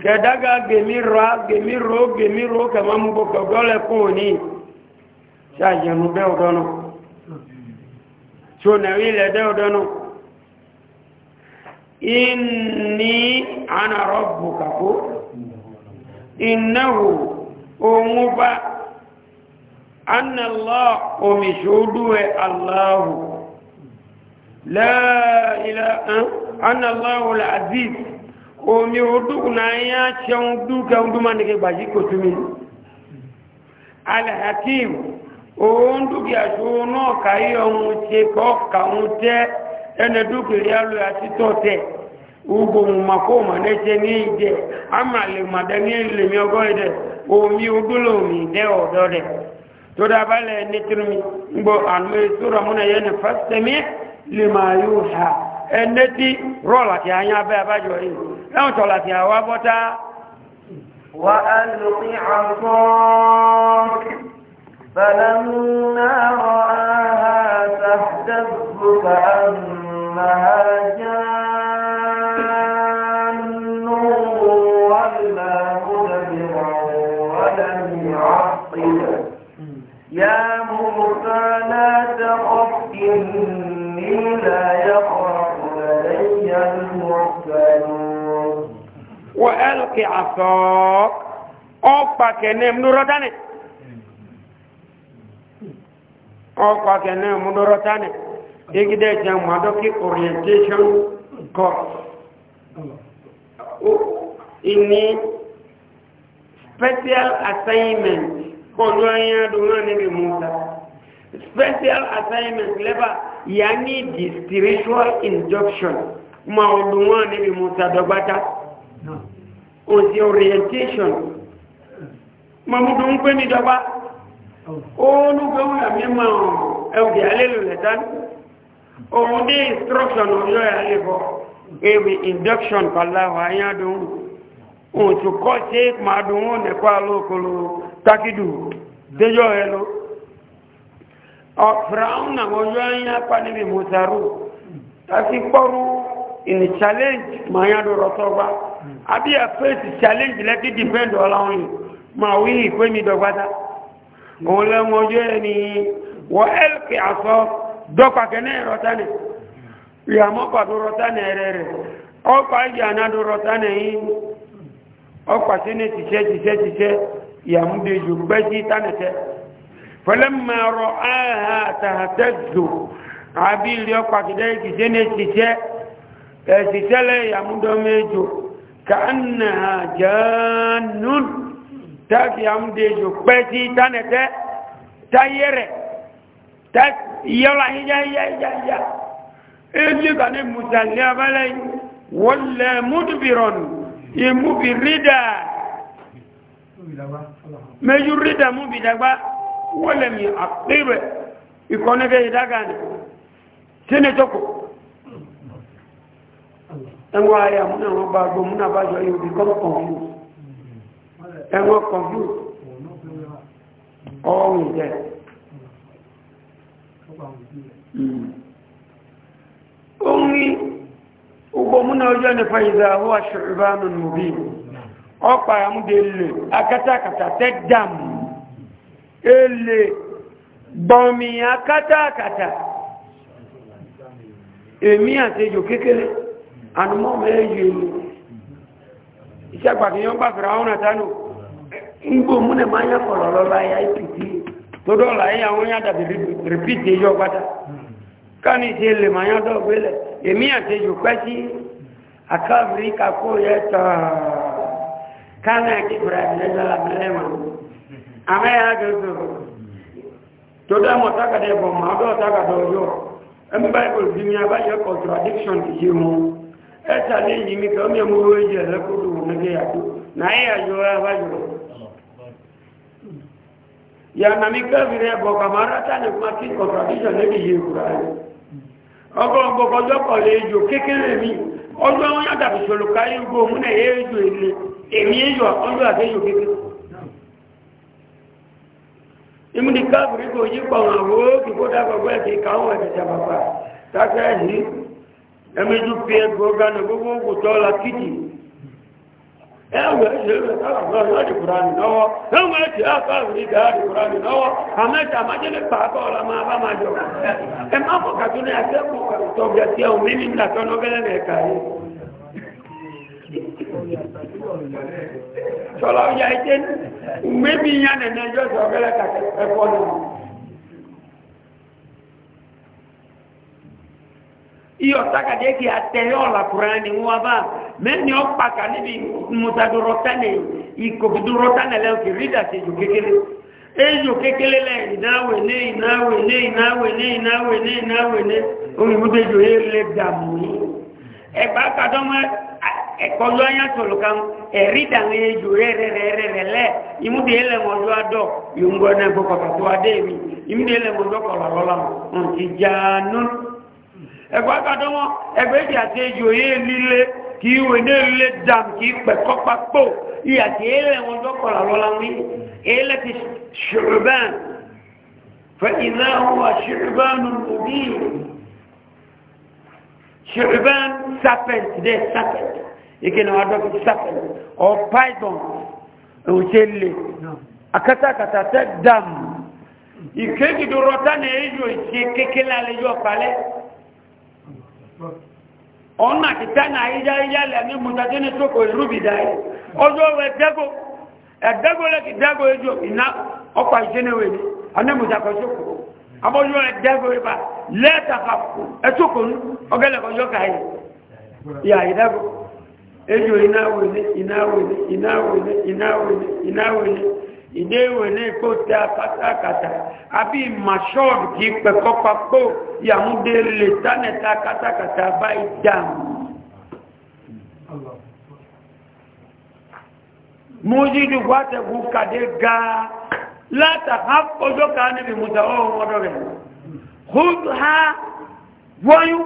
ke daga gemi ro gemi ro gemi ro ke mamu bo ke gole ko ni sha janu be odono inni ana rabbuka ko innahu umuba anna allah omishuduwe allahu la ila anna aziz omi odu na ya cheun duka nduma nike gbaji ko tumi al-hakim o ndu ya shuno kayo mu che ko kaunte ene duku ya lu ya titote ugo makoma ne cheni ide amale madani le mi ogo ide o mi udulo mi de o to da abalị ni tirumi ngo anu e sura mona ye ne fastemi le ma yuha ene ti rola ti anya ba ba jo yi na o tola bota wa alqi 'asaka فلما رآها تهتز كأنها جان ولا مدبرا ولم يعقل يا موسى لا تخف إني لا يخاف لدي المرسلون وألق عصاك أوفا كنم نور دانك ọkọ̀ akẹ́nẹ́ ìmúdọ́rọ̀ tánì gígídé jẹ mọ́dọ́kí orientation course ìní special assignment kọlu ẹyẹn adúgbò níbi mọ́ta special assignment lẹ́bà yà ní the spiritual injunction ma ọdúnwọ́ níbi mọ́ta dọ́gbátá òsì orientation mọ́múdún pé ní dọ́gbátá olùgbéwò àmì mọ ẹwùgì alélùlẹ̀ dání òun dé instruction ọjọ́ ìyàlẹ̀ ewì induction pàláwà ayádùn òun tó kọ́ sí màdùn òun nẹ̀kọ́ alókòlò takidù déjọ́ ẹ lọ ọ̀fìràún àwọn ọjọ́ ayá pa níbi mùsàrù tàbí pọ́rú in challenge ma challenge leti ma òun lẹ́wọ̀n ojú ẹni wọ́n ẹ́lùkì àsọ dọ́pàkẹ́ náà rọ̀tánẹ̀ ìyàmọ́pàdó rọ̀tánẹ̀ rẹ̀ rẹ̀ ọpa ìjà rọ̀tánẹ̀ yìí ọpa sí ní tìṣẹ́ tìṣẹ́ tìṣẹ́ ìyàmúdejò pẹ́ sí tánẹ̀tẹ́ taki amdejo peti tanete tayere tak yola hija ya ya ya eli kane musalli abale wala mudbiron imubirida mejurida mubidagba wala mi aqibe ikone ke idagani sene toko ẹwọ ayé àmúnà wọn bá gbọmúnà bá jọ yóò bí kọ́mọ̀kọ̀ọ́ ẹwọ́ kọjú ọrùn jẹ́ orí ugbomuna ọjọ́ nípa ìzà àwọn aṣòrìbánu nùbí ọpa àmúdé lè akátákàtà tẹ́ dàmù èlè gbọmí akátákàtà èmí àtẹjò kékeré ànúmọ́ mẹ́rin yìí ìṣẹ́gbàkìyàn bá fìrà ọ́nà tánù igbo mune manya kọlọlọ láyá ìpìtì tó dọ́là ẹ̀yà wọn yá dàbí rìpìtì yọ padà káni ti le manya dọ́gbélẹ̀ èmi àti ya sí akáàbìrí ya yẹ tọ́ọ̀ káni ya ìbúradìlẹ́dọ́là bílẹ̀ mọ́ àmẹ́yà dọ́dọ́ tó dámọ̀ tákàdé bọ̀ mọ́ ọdọ́ tákàdé ọjọ́ ya ya mi ọmọ wọn náà yanamika vire boka marata ni kumaki contradiction e ni biye kurai na gbogbo ọjọ́ kọ̀lẹ̀ ejò kékeré mi ọjọ́ àwọn yàtà fi ṣòlò káyé gbogbo múnà ejò ilé èmi ejò ọjọ́ àtẹ́jò kékeré bụ káàkiri gbogbo ẹwẹ̀ ìṣẹ́lẹ̀ tààràwọ̀ láti kùránì lọ́wọ́ ẹwẹ̀ tí a fà rí dáàrí kùránì lọ́wọ́ àmẹ́ta àmájẹ́lẹ̀ pàápọ̀ ọ̀la máa bá máa jọ ẹ má bọ̀ kàtó ní àtẹ́kùn tọ́gbẹ̀ tí ẹ̀hùn mímí ń dàtọ́ lọ́gẹ́lẹ́ nẹ̀ẹ̀ka yìí sọlá ọjà ẹjẹ mẹ́bí yánẹ̀ náà yọ sọ̀gẹ́lẹ́ kàtẹ́kùn ẹ̀fọ́ náà iyo takade ki ateyo la Qur'ani waba meni opaka nibi mutadurotane iko durotane leo ki rida se jukekele ejo kekele le nawe ne nawe ne nawe ne nawe ne nawe ne omi mude jo ele damu e ba ka e ko yo anya kan e rida ne jo re re re re le imude ele mo jo ado yungo na go ko to ade mi imude ele mo jo la lola ẹgbẹ́ agadọ́wọ́ ẹgbẹ́ èdè àti ejò yé líle kì í wé ní líle dam kì í pẹ̀kọ́ papò ìyà tí èlẹ̀ wọn dọ́kọ̀lá lọ́la wí èlẹ̀ ti ṣùrùbán fẹ́ ìlà wà ṣùrùbán lòdì ṣùrùbán serpent dẹ́ serpent ìkìlẹ̀ wọn dọ́kọ̀ serpent or python òṣèlè akatakata tẹ́ dam ìkéjì dọ̀rọ̀ tán ní ejò ìṣe kékeré alẹ́ yọ palẹ́. ọ̀nà títà náà ìjá ìjá lẹ́mí ní tókò ìrúbìdá ẹ̀ ọjọ́ ẹ̀dẹ́gò ẹ̀dẹ́gò lẹ́kì dẹ́gò ẹjọ́ iná ẹ̀dẹ́gò ibà lẹ́ẹ̀tàkà ẹtókò ọgẹ́lẹ̀kọjọ́ káyé ìyà ìdẹ́gò ẹjọ́ ìdé ìwé ní kó tẹ apátákàtà àbí mashọ́ọ̀dù kì í pẹ̀kọ́ papọ̀ yàmúdé lè tánẹ̀ta kátàkàtà báyìí dáàmù mújídù wátẹ̀kù kàdé ga látà ọjọ́ ká níbi mùsàwọ́ ọmọdọ́ rẹ̀ hùtù ha gbọ́yú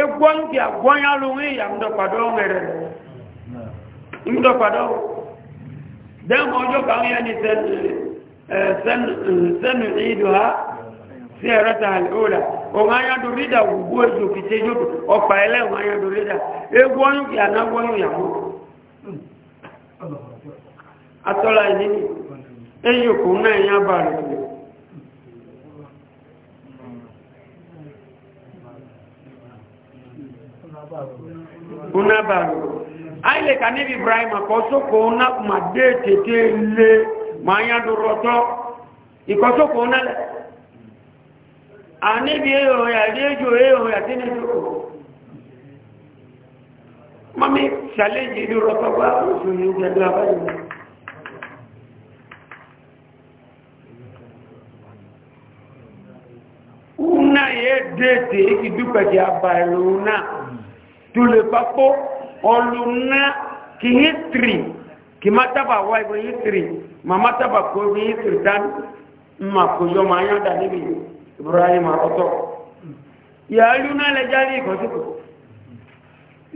egbọ́nkì àgbọ́nyálùwín ìyàmúdọ̀pàdọ́ rẹ̀ rẹ̀ dẹ́mọ̀ ọjọ́ kàwọn yẹn ni sẹ́nu ìdùhá sí ẹ̀rẹ́ta àlúrà òun ayádò rídà gbogbo èso kìtẹ́ yóò ọ̀pá ẹlẹ́ òun ayádò rídà ewu ya kì anáwọ́yún yàmú atọ́lá Una aile ka níbi ibrahim akọ́sókò ńlá ma dé tètè lé ma yá dúró tọ́ ìkọ́sókò ńlá lẹ̀ a níbi èèyàn yàrí èjò èèyàn yàtí ní ìjòkó mọ́mí ṣàlẹ́jì dúró tọ́ bá oṣù yìí jẹ́lú abáyé una ye dete ki dupɛ ti aba ɛlu una tule papo oluna ki history ki mataba waibo history ma mataba ko history tan ma ko yo ma ya bi ni ibrahim aroto ya luna le jari ko tu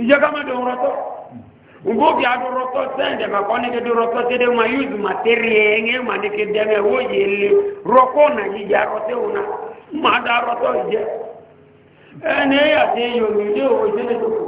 ije kama do roto ngo bi adu roto sende ma ko ni ke do roto sende ma use material nge ma ni ke de me wo yele roko na ji ja roto una ma da roto ije ene ya te yo ni de o je ne to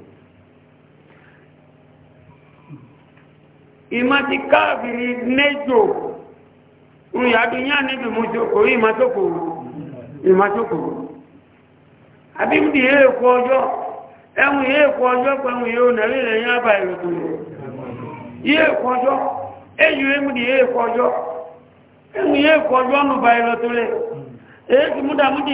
ìmáti káàkiri nẹ́jọ ìyàdúnyà níbi mọ́sọ́kò ìmátòkò ìmátòkò àbíbìdì èèkù ọjọ́ ẹ̀hùn èèkù ọjọ́ àbà ọjọ́ ẹ̀yù èmìdì èèkù ọjọ́ ọjọ́ nùbà ìrọ̀tọ́lẹ̀ èèkù múdàmúdì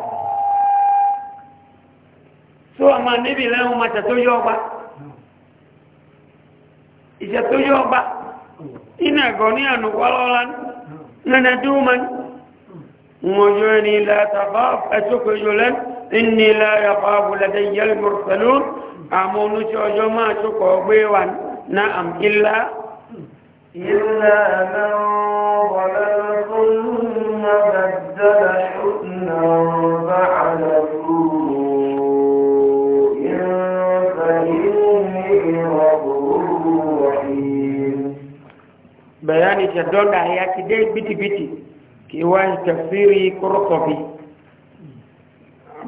tó àmà níbi lẹ́hùn máa tẹ̀ tó yọ ọgbà ìṣẹ̀ tó yọ ọgbà iná ẹ̀gọ́ ní ànùkọ́ lọ́la nínú tó máa ní mọ̀jọ́ ẹni látàbá ẹ̀tọ́kọ̀jọ́ lẹ́nu inni láyàfà bùlẹ̀dẹ̀ yẹl mọ̀rọ̀sẹ̀lú àmọ́ onúṣẹ́ ọjọ́ máa ṣùkọ̀ ọgbé wà náà ìlà إلا من bayani ta donda ya ki dai biti biti ki wani tafsiri kurkofi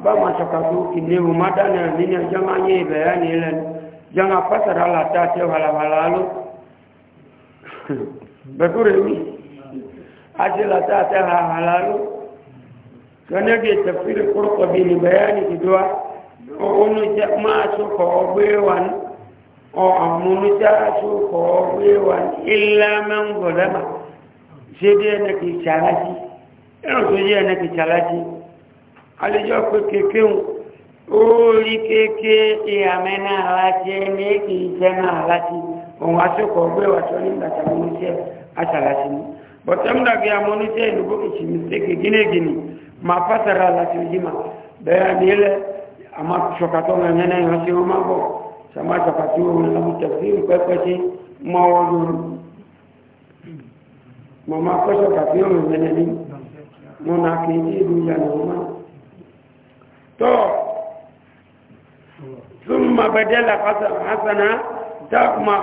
ba ma shakatu ki ne mu madana ni ne jama ne bayani lan jama fasara la ta ce wala wala mi aje la ta halalu kana ke tafsiri korokopi ni bayani ki doa onu ma so ko obewan ọmọlúdájú kọ̀ wíwà ilá mẹ́ngọ̀lẹ́mà ṣe dé ẹnẹ́kì ìṣàlájí ẹ̀rùn tó yẹ ẹnẹ́kì ìṣàlájí alẹ́jọ́ pé kékéhùn orí kéèké ìyàmẹ́ náà láti ẹni kì í jẹ́ náà láti ohun aṣọ́kọ̀ wíwà tó nígbàtà mọ́níṣẹ́ aṣàlájí ni bọ̀tẹ́mdàgbé amọ́níṣẹ́ ìlúgbó kìí mistake gínégíní ma fásara láti ojímà bẹ́ẹ̀ nílẹ̀ àmà ṣọ̀kàtọ́ mẹ́rin náà yọ sí ọmọ bọ̀ sama kapati wong lamu tafsir kapati mawon mama kosa kapati wong meneni mona kiji duya noma to thumma badala qasam hasana takma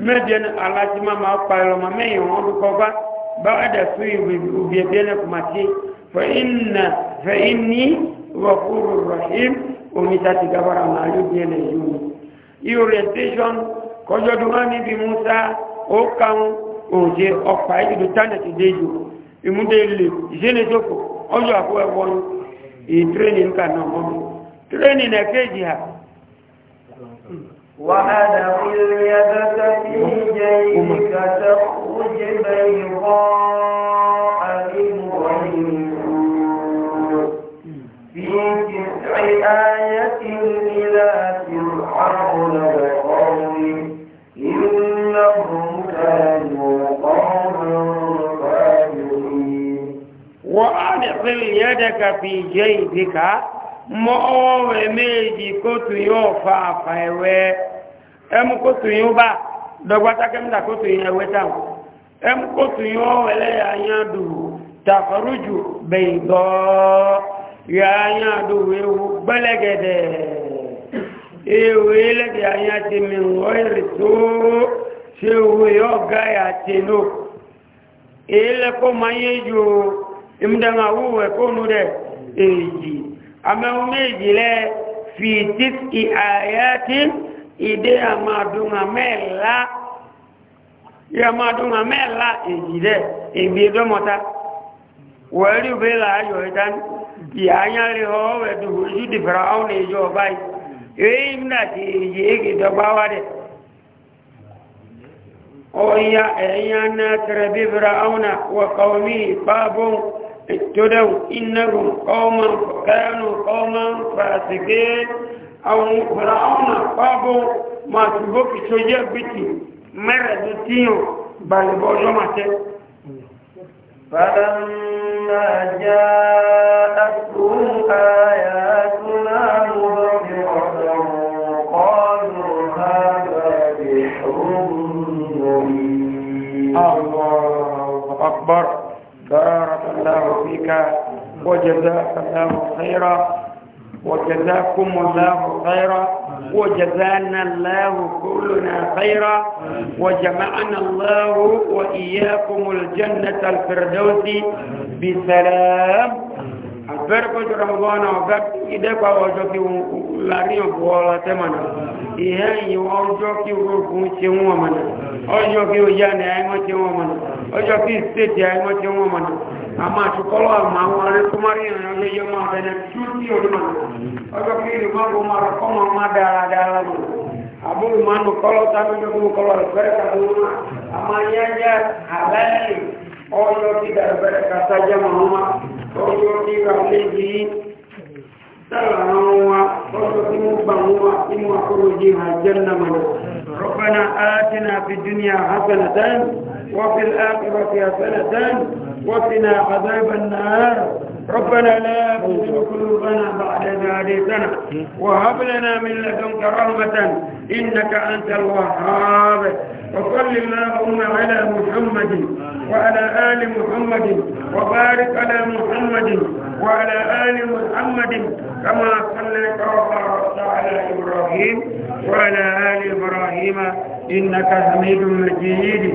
medien alajima ma palo ma me yon ko ba ba'da suyi bi bena kumati fa inna fa inni ghafurur rahim umita tigabara ma yudene yuni orientation kọjọ́ dúnmá níbi musa ó kàún òjé ọpa ìdò tánẹ̀tì déjò ìmúdé lè ìṣẹ́lẹ̀dọ́kọ̀ ọjọ́ àkó ẹwọ́n ìtrénin kà náà mọ́ trénin ẹ̀kẹ́jì à وأنا اليبس في جيبك تخرج بيضاء من غير في وأدخل يدك في جيبك mọ́ọ̀rẹ̀ méjì kó tún yóò fa àfà ẹ̀wẹ́ ẹmú kó tún yóò bá dọ́gbátá kẹ́mìtà kó tún yóò ẹwẹ́ táwọn ẹmú kó yóò tàfàrújù ewu ewe lẹ́gbẹ̀ àyà ti mìíràn ẹ̀rẹ̀ tó ṣe owó ọ̀gá àti inú èélẹ́kọ́ ma yé jù ìmúdàmà wúwẹ̀ kónú rẹ̀ èyí àmẹ́hùn méjì lẹ́ fi tí àyà tí ìdé àmàdùnmà mẹ́ẹ̀lá èyí rẹ̀ ègbè dọ́mọ́ta wẹ̀rí bẹ́ẹ̀ láàyò ìdánù ìyá anyá rẹ̀ ọwọ́ ẹ̀dùn ojú ọba èyí múnà ti èyí èyí dọ̀gbà wá dẹ̀ ọ̀yà ẹ̀yà náà tẹ̀rẹ̀ bí fẹ́ra áwọnà wọ̀kọ̀wọ̀mí pàbọ̀n ìtòdẹ̀wò inẹ́rùn kọ́ọ̀mọ̀ kẹ́ẹ̀nù kọ́ọ̀mọ̀ fàṣẹ̀gẹ́ àwọn fẹ́ra áwọnà pàbọ̀n máa tùbọ́ kìtò jẹ́ gbìtì mẹ́rẹ̀ẹ́dẹ́tíyàn balẹ̀bọ̀ ọjọ́ màtẹ́ بارك الله فيك وجزاك الله خيرا وجزاكم الله خيرا وجزانا الله كلنا خيرا وجمعنا الله وإياكم الجنة الفردوس بسلام àbẹ́rẹ́kọ́jọ́ rọ̀mọ́bọ́nà ọ̀gá ìdẹ́kọ̀ ọjọ́ kí láàrin ọ̀pọ̀ ọlá tẹ́mọ̀nà ìhẹ́ ìyìn ọjọ́ kí ogun ṣe wọ́n mọ̀nà ọjọ́ kí òyà ní àìmọ́ ṣe wọ́n mọ̀nà ọjọ́ kí ìstéètì àìmọ́ ṣe wọ́n mọ̀nà àmọ́ àtúkọ́lọ́ àmọ́ àwọn arẹ́kọ́mọ́rí ìrìnàjò yẹ máa bẹ̀rẹ̀ tú sí òdìmọ̀nà ọjọ́ kí ìlú máa bọ́ máa rọ̀ kọ́ máa má dáradára mọ̀ àbúrò máa nù kọ́lọ́ tábí ọjọ́ tí dàgbẹ́ kàtàjẹ́ mọ̀ wọn ọjọ́ tí ra léjì sára wọn ọjọ́ tí mú gbà wọn tí mú akọrò jí ha jẹ́ nàmàlẹ̀ rọ́pẹ́nà áátínà fi dúníà hasanatan wọ́pẹ́ ákùrọ̀ fi hasanatan wọ́pẹ́ na àdábẹ̀ náà ربنا لا تزغ قلوبنا بعد إذ هديتنا وهب لنا من لدنك رحمة إنك أنت الوهاب وصل اللهم على محمد وعلى آل محمد وبارك على محمد وعلى آل محمد كما صليت وباركت على إبراهيم وعلى آل إبراهيم إنك حميد مجيد